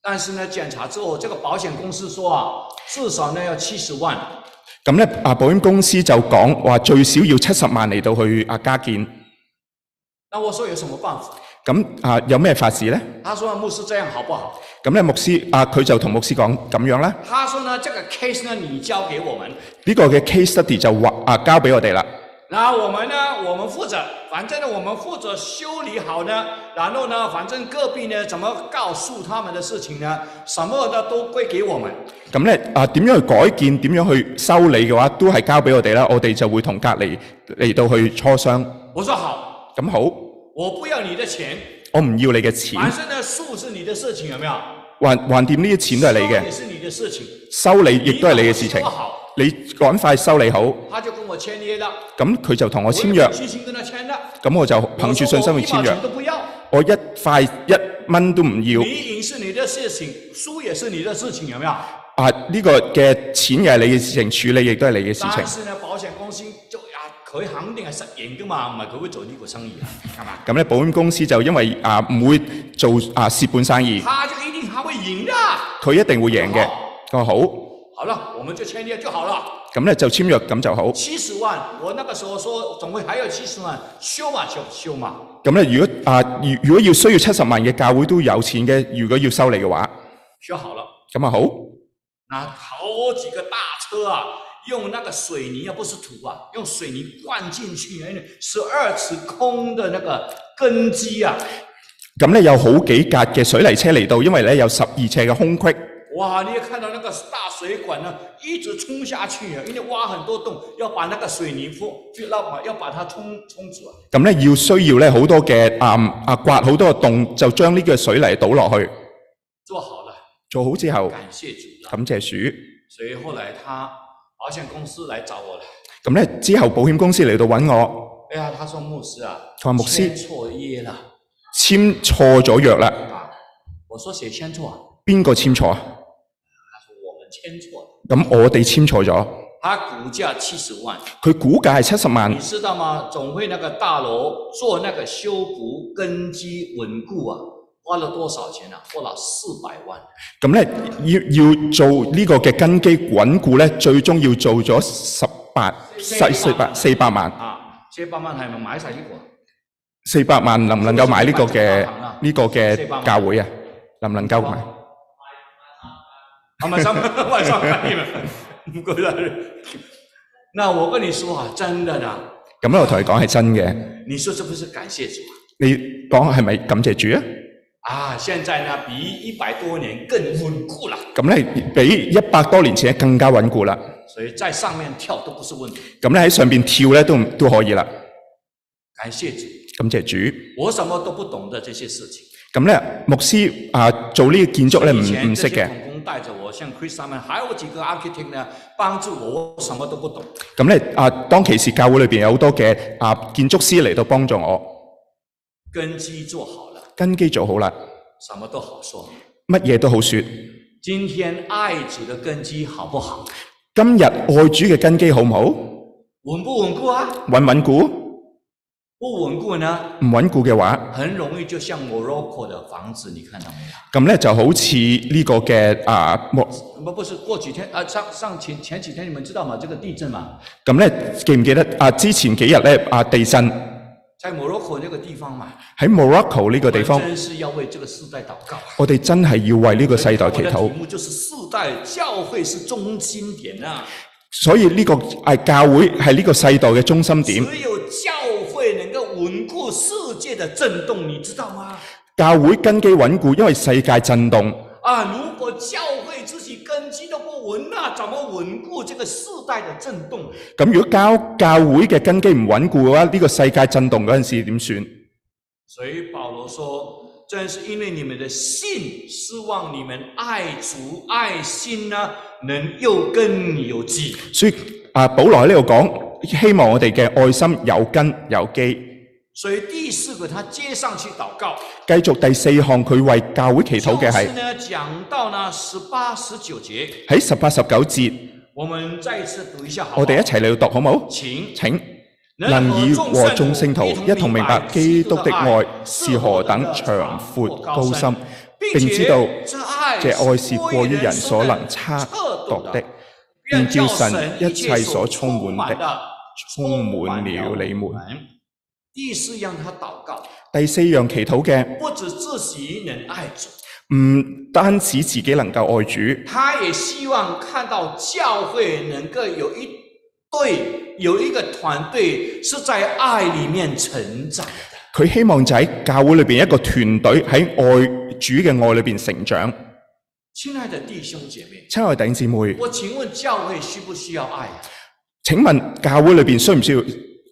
S1: 但是呢，檢查之後，這個保險公司說啊，至少呢要七十萬。
S2: 咁咧，啊，保險公司就講話最少要七十萬嚟到去啊加建。
S1: 那我說有什麼辦
S2: 法？咁啊，有咩法子咧？
S1: 他說牧師這樣好不好？
S2: 咁咧，牧師啊，佢就同牧師講咁樣咧。
S1: 他說呢，這個 case 呢，你交給我們。
S2: 呢個嘅 case study 就話啊，交俾我哋啦。
S1: 然後我們呢？我們負責，反正呢，我們負責修理好呢。然後呢，反正隔壁呢，怎麼告訴他們的事情呢？什麼都都歸給我們。
S2: 咁咧，啊，點樣去改建？點樣去修理嘅話，都係交畀我哋啦。我哋就會同隔籬嚟到去磋商。
S1: 我說好。咁好。我不要你的錢。
S2: 我唔要你嘅錢。反
S1: 正呢，樹是你的事情，有沒有？
S2: 還還掂呢啲錢都係你嘅。
S1: 修理是你的事情。
S2: 修理亦都係你嘅事情。你趕快修理好。
S1: 他就跟我簽約啦。
S2: 咁佢就同我簽約。我有信
S1: 心跟他簽啦。
S2: 咁我就憑住信心去簽約。我一塊一蚊都唔要。你
S1: 贏是你的事情，輸也是你的事情，有冇
S2: 啊？啊，呢個嘅錢又係你嘅事情，處理亦都係你嘅事情。但
S1: 係，保險公司就佢肯定係實贏噶嘛，唔係佢會做呢個生意啦，
S2: 係嘛？咁咧，保險公司就因為啊唔會做啊蝕本生意。
S1: 佢一定會贏㗎。
S2: 佢一定會贏嘅。佢話好。
S1: 好了，我們就簽約就好了。
S2: 咁呢，就簽約咁就好。七十
S1: 萬，我那個時候說總會還有七十萬，修嘛修修嘛。
S2: 咁如果啊、呃，如果要需要七十萬嘅教會都有錢嘅，如果要收你嘅話，
S1: 修好了。咁啊好。嗱，好幾個大車啊，用那個水泥啊，又不是土啊，用水泥灌進去，十二尺空的那個根基啊。
S2: 咁呢，有好幾架嘅水泥車嚟到，因為呢，有十二尺嘅空隙。
S1: 哇！你又看到那個大水管呢，一直沖下去啊！因為挖很多洞，要把那個水泥鋪，就那要把它沖沖住。
S2: 咁呢，要需要呢好多嘅啊啊刮好多個洞，就將呢個水泥倒落去。
S1: 做好啦！
S2: 做好之後，感謝主啦！感謝主。
S1: 所以後來他保險公司來找我啦。
S2: 咁呢，之後保險公司嚟到搵我。
S1: 哎呀，他說牧師啊，說牧師簽錯約啦，
S2: 簽錯咗約啦。
S1: 我說誰簽錯啊？
S2: 邊個簽錯啊？咁我哋簽錯咗，
S1: 佢估價係七十萬。
S2: 佢估價係七十萬。你知
S1: 道嗎？總會那個大樓做那個修補根基穩固啊，花了多少錢啊？花了四百萬。
S2: 咁咧要要做呢個嘅根基穩固咧，最終要做咗十八四四百四百萬。
S1: 啊，四百萬係咪買晒呢個？
S2: 四百萬能唔能夠買呢個嘅呢個嘅教會啊？能唔能夠買？
S1: 阿媽生埋雙子，唔該晒。那我跟你說啊，真的啦。
S2: 咁我同你講係真嘅。
S1: 你說是不是感謝主
S2: 啊？你講係咪感謝主啊？
S1: 啊，現在呢比一百多年更穩固啦。
S2: 咁咧，比一百多年前更加穩固啦。
S1: 所以在上面跳都不是問題。
S2: 咁咧喺上邊跳咧都都可以啦。
S1: 感謝主。感謝主。我什麼都不懂得這些事情。
S2: 咁咧，牧師啊做呢個建築咧唔唔識嘅。
S1: 帶着我，像 Chris 啊，還有幾個 architect 呢，幫助我，我什麼都不懂。
S2: 咁咧，啊，當其時教會裏邊有好多嘅啊建築師嚟到幫助我。
S1: 根基做
S2: 好啦，根基做好啦，
S1: 什麼都好說，
S2: 乜嘢都好說。
S1: 今天愛主嘅根基好不好？
S2: 今日愛主嘅根基好唔好？
S1: 穩不穩固啊？
S2: 穩穩固。
S1: 不穩固呢？
S2: 唔穩固嘅話，
S1: 很容易就像 Morocco 的房子，你看到沒有？
S2: 咁咧就好似呢個嘅啊木。
S1: 不不是過幾天啊？上上前前幾天你們知道嗎？這個地震嘛？
S2: 咁咧記唔記得啊？之前幾日咧啊地震。
S1: 在 Morocco 呢個地方嘛。
S2: 喺 Morocco 呢個地方。是
S1: 真是要為這個世代禱告。
S2: 我哋真係要為呢個世代祈禱。今日嘅題目
S1: 就是世代教會是中心點啊。
S2: 所以呢、呢個誒、啊、教會係呢個世代嘅中心點。
S1: 穩固世界的震動，你知道嗎？
S2: 教會根基穩固，因為世界震動
S1: 啊。如果教會自己根基都不穩、啊，那怎麼穩固這個世代的震動？
S2: 咁如果教教會嘅根基唔穩固嘅話，呢、這個世界震動嗰陣時點算？
S1: 所以保羅說，正是因為你們的信，希望你們愛主愛心呢，能有根有基。
S2: 所以啊，保羅喺呢度講，希望我哋嘅愛心有根有基。
S1: 所以第四個，他接上去禱告。
S2: 繼續第四項，佢為教會祈禱嘅係。教
S1: 師呢講到呢十八十九節。
S2: 喺十八十九節，
S1: 我們再一次讀一下，我哋一
S2: 齊嚟讀好唔好？請能以和眾聖徒一同明白基督的愛是何等長闊高深，並知道這愛是過於人所能測度的，願叫神一切所充滿的充滿了你們。
S1: 第四，讓他禱告。
S2: 第四樣祈禱嘅，
S1: 不止自己能愛主，
S2: 唔單止自己能夠愛主，
S1: 他也希望看到教會能夠有一對有一個團隊是在愛裏面成長。
S2: 佢希望就喺教會裏邊一個團隊喺愛主嘅愛裏邊成長。
S1: 親愛的弟兄
S2: 姐妹，親愛的弟兄姊妹，
S1: 我請問教會需不需要愛啊？
S2: 請問教會裏邊需唔需要？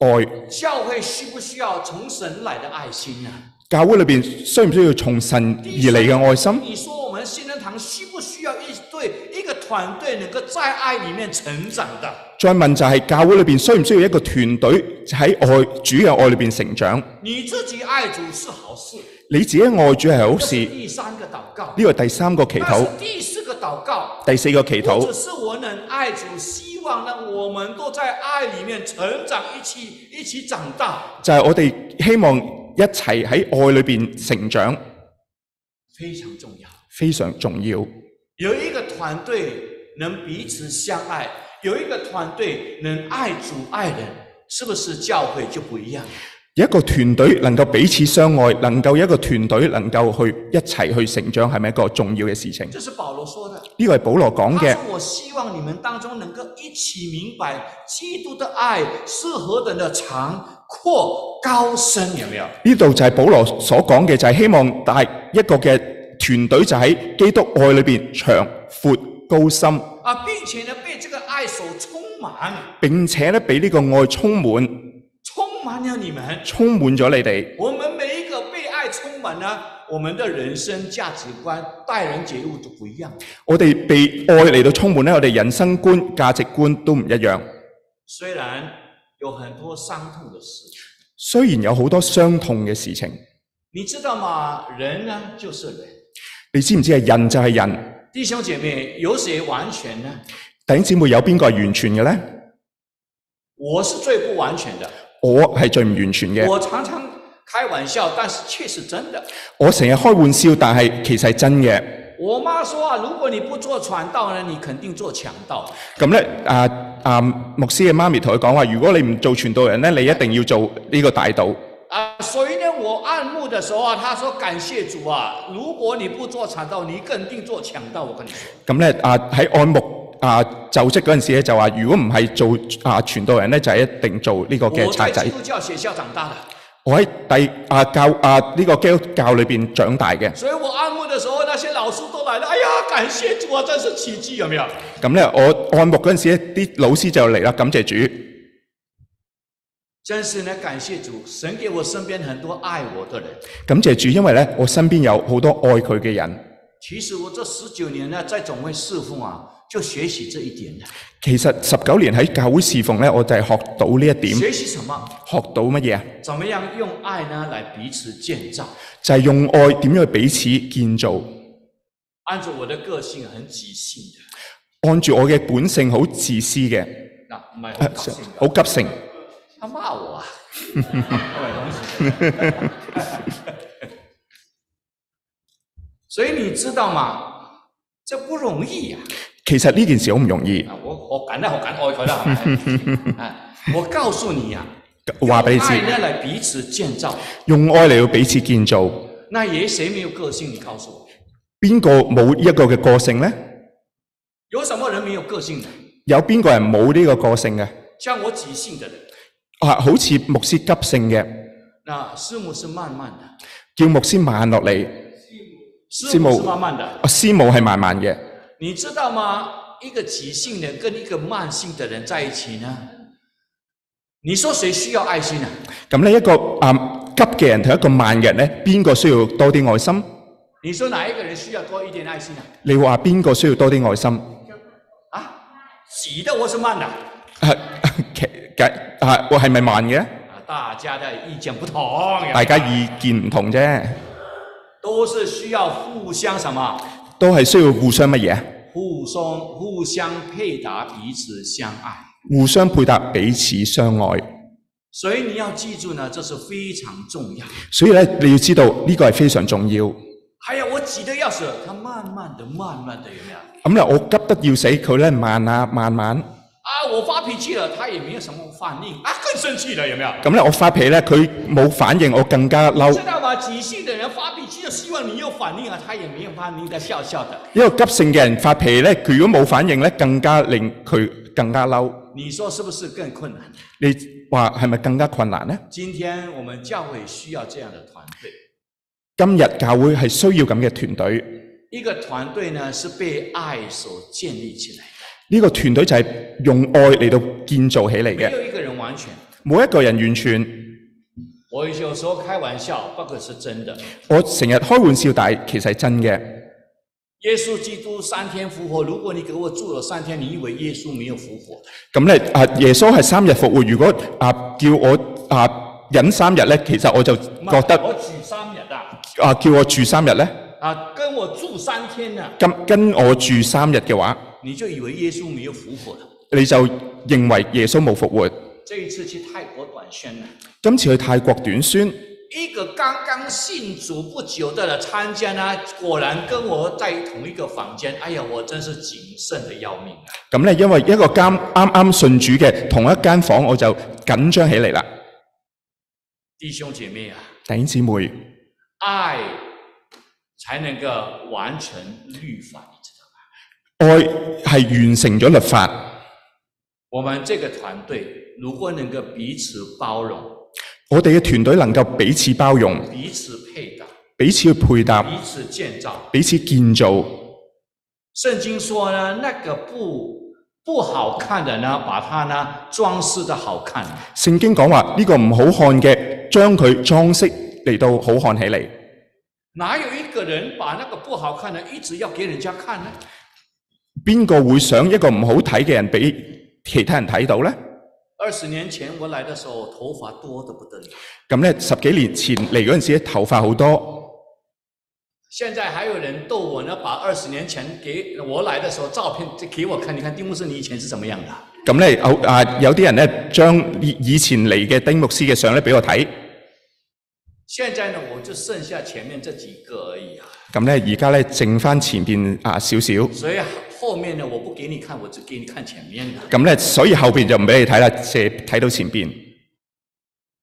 S2: 愛
S1: 教會需不需要從神來的愛心啊？
S2: 教會裏邊需唔需要從神而來的愛心？
S1: 你說我們新人堂需不需要一對一個團隊能夠在愛裏面成長的？
S2: 再問就係教會裏邊需唔需要一個團隊喺愛主嘅愛裏邊成長？
S1: 你自己愛主是好事。
S2: 你自己愛主係好事。第
S1: 三個禱告呢個第三個祈禱。第四個禱告。
S2: 第四個祈禱。只
S1: 是我能愛主。希望呢，我們都在愛裏面成長，一起一起長大。就係、
S2: 是、我哋希望一齊喺愛裏邊成長，
S1: 非常重要，
S2: 非常重要。
S1: 有一個團隊能彼此相愛，有一個團隊能愛主愛人，是不是教會就不一樣？
S2: 一個團隊能夠彼此相愛，能夠一個團隊能夠去一起去成長，係咪一個重要的事情？這
S1: 是保羅說的。呢、
S2: 這個係保羅講的。
S1: 我希望你們當中能夠一起明白基督的愛是何等的長闊高深，有沒有？
S2: 呢度就係保羅所講嘅，就係、是、希望帶一個嘅團隊就喺基督愛裏邊長闊高深。
S1: 啊，並且呢，被這個愛所充滿，
S2: 並且呢被呢個愛充滿。
S1: 充滿了你
S2: 們，充滿咗你哋。
S1: 我們每一個被愛充滿呢，我們的人生價值觀、待人接物都不一樣。
S2: 我哋被愛嚟到充滿呢，我哋人生觀、價值觀都唔一樣。
S1: 雖然有很多傷痛的事情，
S2: 雖然有好多傷痛嘅事情，
S1: 你知道嗎？人呢就是人，
S2: 你知唔知係人就係人？
S1: 弟兄姐妹有誰完全呢？弟
S2: 兄姊妹有邊個係完全嘅呢？
S1: 我是最不完全的。
S2: 我是最唔完全嘅。我
S1: 常常開玩笑，但是確實是真的。
S2: 我成日開玩笑，但是其實是真嘅。
S1: 我媽說啊，如果你不做傳道呢，你肯定做強盜。
S2: 咁呢，啊啊，牧師嘅媽咪同佢講話，如果你唔做傳道人呢，你一定要做呢個大盜
S1: 啊，所以呢，我按牧的時候啊，他說感謝主啊，如果你不做傳道，你肯定做強盜。我你說。
S2: 咁呢，啊喺按牧。啊！就職嗰陣時咧、啊，就話如果唔係做啊傳道人咧，就係一定做呢個嘅賊仔。我喺基督
S1: 教學校長大啦。
S2: 我喺第啊教啊呢、這個教教裏邊長大嘅。所
S1: 以我按牧的時候，那些老師都嚟啦，哎呀，感謝主啊，真係奇蹟，有冇？
S2: 咁咧，我按牧嗰陣時，啲老師就嚟啦，感謝主，
S1: 真係咧，感謝主，神給我身邊很多愛我嘅人。
S2: 感謝主，因為咧，我身邊有好多愛佢嘅人。
S1: 其實我這十九年呢，在總會侍奉啊。就學習這一點的。
S2: 其實十九年喺教會侍奉咧，我就係學到呢一點。學習什麼？學到乜嘢啊？
S1: 怎麼樣用愛呢，來彼此建造。就
S2: 係、是、用愛點樣去彼此建造？
S1: 按照我的個性，很急性
S2: 的。按照我嘅本性，好自私嘅。嗱，唔係好急性，好急性。他罵我啊， *laughs* *laughs*
S1: *laughs* *laughs* 所以你知道嗎？這不容易啊。
S2: 其實呢件事好唔容易。
S1: 我我緊咧，我緊愛佢啦。啊，我告訴你啊，
S2: 話俾你知，愛咧
S1: 係彼此建造，
S2: 用愛嚟去彼此建造。
S1: 那有誰沒有個性？你告訴我。
S2: 邊個冇一個嘅個性咧？
S1: 有什麼人沒有個性？
S2: 有邊個人冇呢個個性嘅？
S1: 像我急性嘅人。
S2: 啊，好似牧師急性嘅。
S1: 那師母是慢慢嘅。
S2: 叫牧師慢落嚟。
S1: 師母是慢慢嘅。
S2: 啊，師母係慢慢嘅。
S1: 你知道嗎？一個急性的人跟一個慢性的人在一起呢？你說誰需要愛心呢、啊？
S2: 咁咧，一個啊、嗯、急嘅人同一個慢嘅人呢？邊個需要多啲愛心？
S1: 你說哪一個人需要多一點愛心啊？
S2: 你話邊個需要多啲愛心？
S1: 啊，急的或是慢的、啊
S2: 啊啊、是是慢的？係，我係咪慢嘅？
S1: 啊，大家的意見不同，大家
S2: 意見唔同啫，
S1: 都是需要互相什麼？
S2: 都係需要互相乜嘢？
S1: 互相互相配搭，彼此相愛。
S2: 互相配搭，彼此相愛。
S1: 所以你要記住呢，這是非常重要。
S2: 所以咧，你要知道呢、這個係非常重要。
S1: 係、哎、啊，我急得要死，佢慢慢的、慢慢的咁樣。
S2: 咁、嗯、就我急得要死，佢咧慢慢、慢、啊、慢、啊。
S1: 啊！我發脾氣了，他也沒有什麼反應，啊，更生氣了，有沒有？咁呢，
S2: 我發脾氣呢，佢冇反應，我更加嬲。你知
S1: 道嗎？急性的人發脾氣，就希望你有反應啊，他也沒有反應，該笑笑的。
S2: 因為急性嘅人發脾氣呢，佢如果冇反應呢，更加令佢更加嬲。
S1: 你說是不是更困難啊？
S2: 你話係咪更加困難呢
S1: 啊？今天我們教會需要這樣的團隊。
S2: 今日教會係需要咁嘅團隊。
S1: 一個團隊呢，是被愛所建立起來。
S2: 呢、呢個團隊就係用愛嚟到建造起嚟嘅。沒
S1: 有一個人完全，
S2: 冇一個人完全。
S1: 我有時候開玩笑，不過是真的。
S2: 我成日開玩笑，但係其實係真嘅。
S1: 耶穌基督三天復活，如果你給我住了三天，你以為耶穌沒有復活？
S2: 咁咧啊，耶穌係三日復活。如果啊叫我啊忍三日咧，其實我就覺得。我
S1: 住三日啊。
S2: 啊，叫我住三日咧。
S1: 啊，跟我住三天啊。
S2: 跟跟我住三日嘅話。
S1: 你就以為耶穌沒有復活了？
S2: 你就認為耶穌冇復活？
S1: 這一次去泰國短宣，
S2: 今次去泰國短宣，
S1: 一個剛剛信主不久的嚟參加，果然跟我在同一個房間。哎呀，我真是謹慎得要命啊！
S2: 咁因為一個剛啱啱信主嘅同一間房，我就緊張起嚟啦。
S1: 弟兄姐妹啊，弟兄姊妹，愛才能夠完成律法。
S2: 愛係完成咗律法。
S1: 我們這個團隊如果能夠彼此包容，
S2: 我哋嘅團隊能夠彼此包容，
S1: 彼此配搭，
S2: 彼此配搭，彼
S1: 此建造，
S2: 彼此建造。
S1: 聖經說呢，那個不不好看的呢，把它呢裝飾得好看。
S2: 聖經講話呢、這個唔好看嘅，將佢裝飾嚟到好看起嚟。
S1: 哪有一個人把那個不好看的一直要給人家看呢？
S2: 邊個會想一個唔好睇嘅人俾其他人睇到呢？
S1: 二十年前我來的時候，我頭髮多得不得了。
S2: 咁呢，十幾年前嚟嗰陣時候，頭髮好多。
S1: 現在還有人逗我呢，呢把二十年前我嚟嘅時候照片，給我看，你看丁牧師，你以前是怎麼樣噶？
S2: 咁呢，有啲、啊、人呢，將以以前嚟嘅丁牧師嘅相咧，俾我睇。
S1: 現在呢，我就剩下前面這幾個而已啊。
S2: 咁咧，而家咧，剩翻前邊啊，少少。
S1: 所以、啊。後面呢？我不給你看，我只給你看前面的。咁呢，所以後邊就唔俾你睇啦，只
S2: 睇到前邊。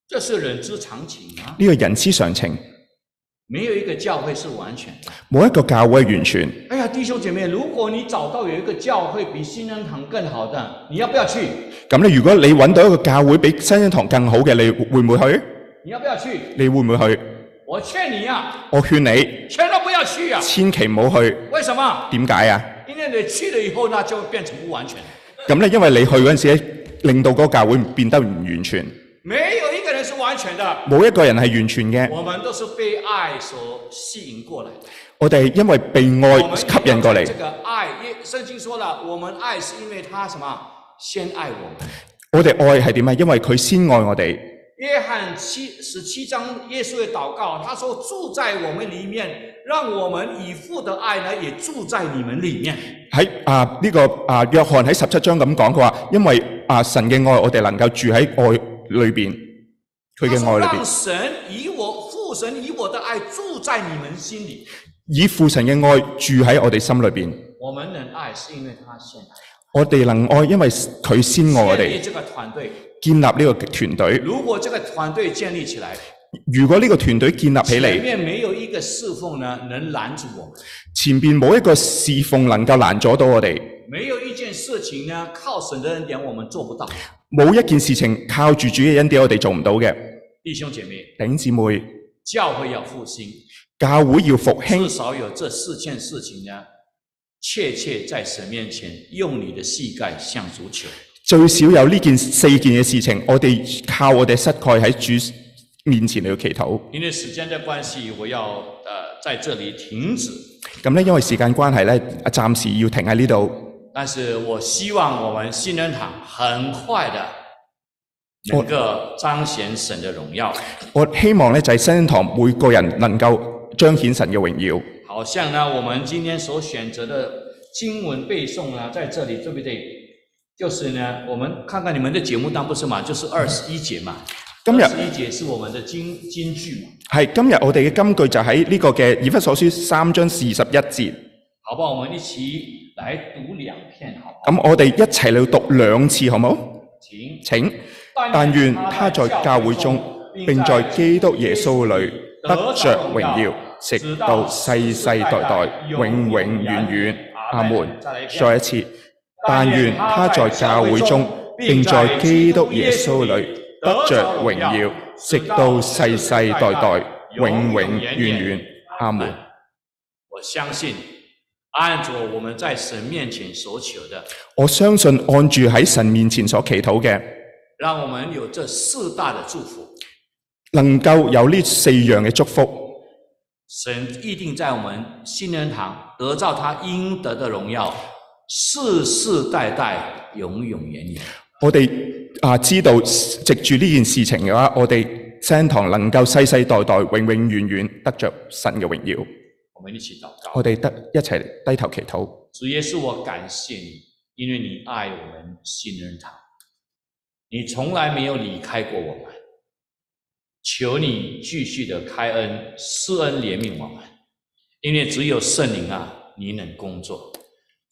S1: 這是人之常情
S2: 啊。呢、這個人之常情，
S1: 沒有一個教會是完全的。
S2: 冇一個教會完全。
S1: 哎呀，弟兄姐妹，如果你找到有一個教會比新恩堂更好的，你要不要去？
S2: 咁呢？如果你揾到一個教會比新恩堂更好嘅，你會唔會去？
S1: 你要不要去？你會唔會去？我勸你呀、
S2: 啊，我勸你，
S1: 全都不要去呀、啊，千
S2: 祈唔好去。
S1: 為什麼？點解啊？因為你去了以後，那就變成不完全。
S2: 咁咧，因為你去嗰陣時，令到嗰個教會變得唔完全。
S1: 沒有一個人是完全的。冇一個人係完全嘅。我們都是被愛所吸引過來。
S2: 我哋因為被愛吸引過嚟。
S1: 我們這個愛，聖經說了，我們愛是因為他什麼，先愛我們。
S2: 我哋愛係點啊？因為佢先愛我哋。
S1: 約翰七、十七章，耶穌嘅禱告，他說：住在我們裏面，讓我們以父的愛呢，也住在你們裏面。
S2: 喺啊呢、這個啊約翰喺十七章咁講，佢話因為啊神嘅愛，我哋能夠住喺愛裏邊，佢嘅愛裏邊。讓
S1: 神以我父神以我的愛住在你們心裏，
S2: 以父神嘅愛住喺我哋心裏邊。
S1: 我們能愛，是因為他先。
S2: 我哋能愛，因為佢先愛我哋。建立
S1: 這個團隊。
S2: 建立呢個團隊。如
S1: 果這個團隊建立起來，
S2: 如果呢個團隊建立起來，前面
S1: 沒有一個侍奉呢能攔住我們。
S2: 前邊冇一個侍奉能夠攔阻到我哋。
S1: 沒有一件事情呢靠神的人點恩典我們做不到。
S2: 冇一件事情靠住主嘅恩典，我哋做唔到嘅。
S1: 弟兄姐妹，
S2: 頂姊妹，
S1: 教會要復興，
S2: 教會要復興，至
S1: 少有這四件事情呢，切切在神面前用你的膝蓋向主求。
S2: 最少有呢件四件嘅事情，我哋靠我哋膝蓋喺主面前嚟去祈禱。
S1: 因為時間的關係，我要誒在這裏停止。
S2: 咁咧，因為時間關係咧，啊，暫時要停喺呢度。
S1: 但是我希望我們新人堂很快地的，能夠彰顯神嘅榮耀。
S2: 我希望咧就係新人堂每個人能夠彰顯神嘅榮耀。
S1: 好像呢，我們今天所選擇的經文背誦啦、啊，在這裏對唔對？就是呢，我們看看你們的節目單不是嘛？就是二十一節嘛。
S2: 今日二十
S1: 一節是我們的金金句嘛。
S2: 係今日我哋嘅金句就喺呢個嘅以弗所書三章四十一節。
S1: 好，唔好，我們一起來讀
S2: 兩遍，好。咁我哋一齊嚟讀兩次，好冇？請。但願他在教會中，並在基督耶穌裏得着榮耀，直到世世代代永永遠遠。阿門。再一次。但願他在教會中，並在基督耶穌裏得着榮耀，直到世世代代、永永遠遠。阿門。
S1: 我相信按住我們在神面前所求的。
S2: 我相信按住喺神面前所祈禱嘅。
S1: 讓我們有這四大的祝福，
S2: 能夠有呢四樣嘅祝福，
S1: 神一定在我們新人堂得到他應得的榮耀。世世代代永永遠遠，
S2: 我哋啊知道藉住呢件事情嘅話，我哋聖堂能夠世世代代永永遠遠得着神嘅榮耀。
S1: 我們一起禱
S2: 告，我哋得一起低頭祈禱。
S1: 主耶穌，我感謝你，因為你愛我們，信任他，你從來沒有離開過我們。求你繼續的開恩施恩憐憫我們，因為只有聖靈啊，你能工作。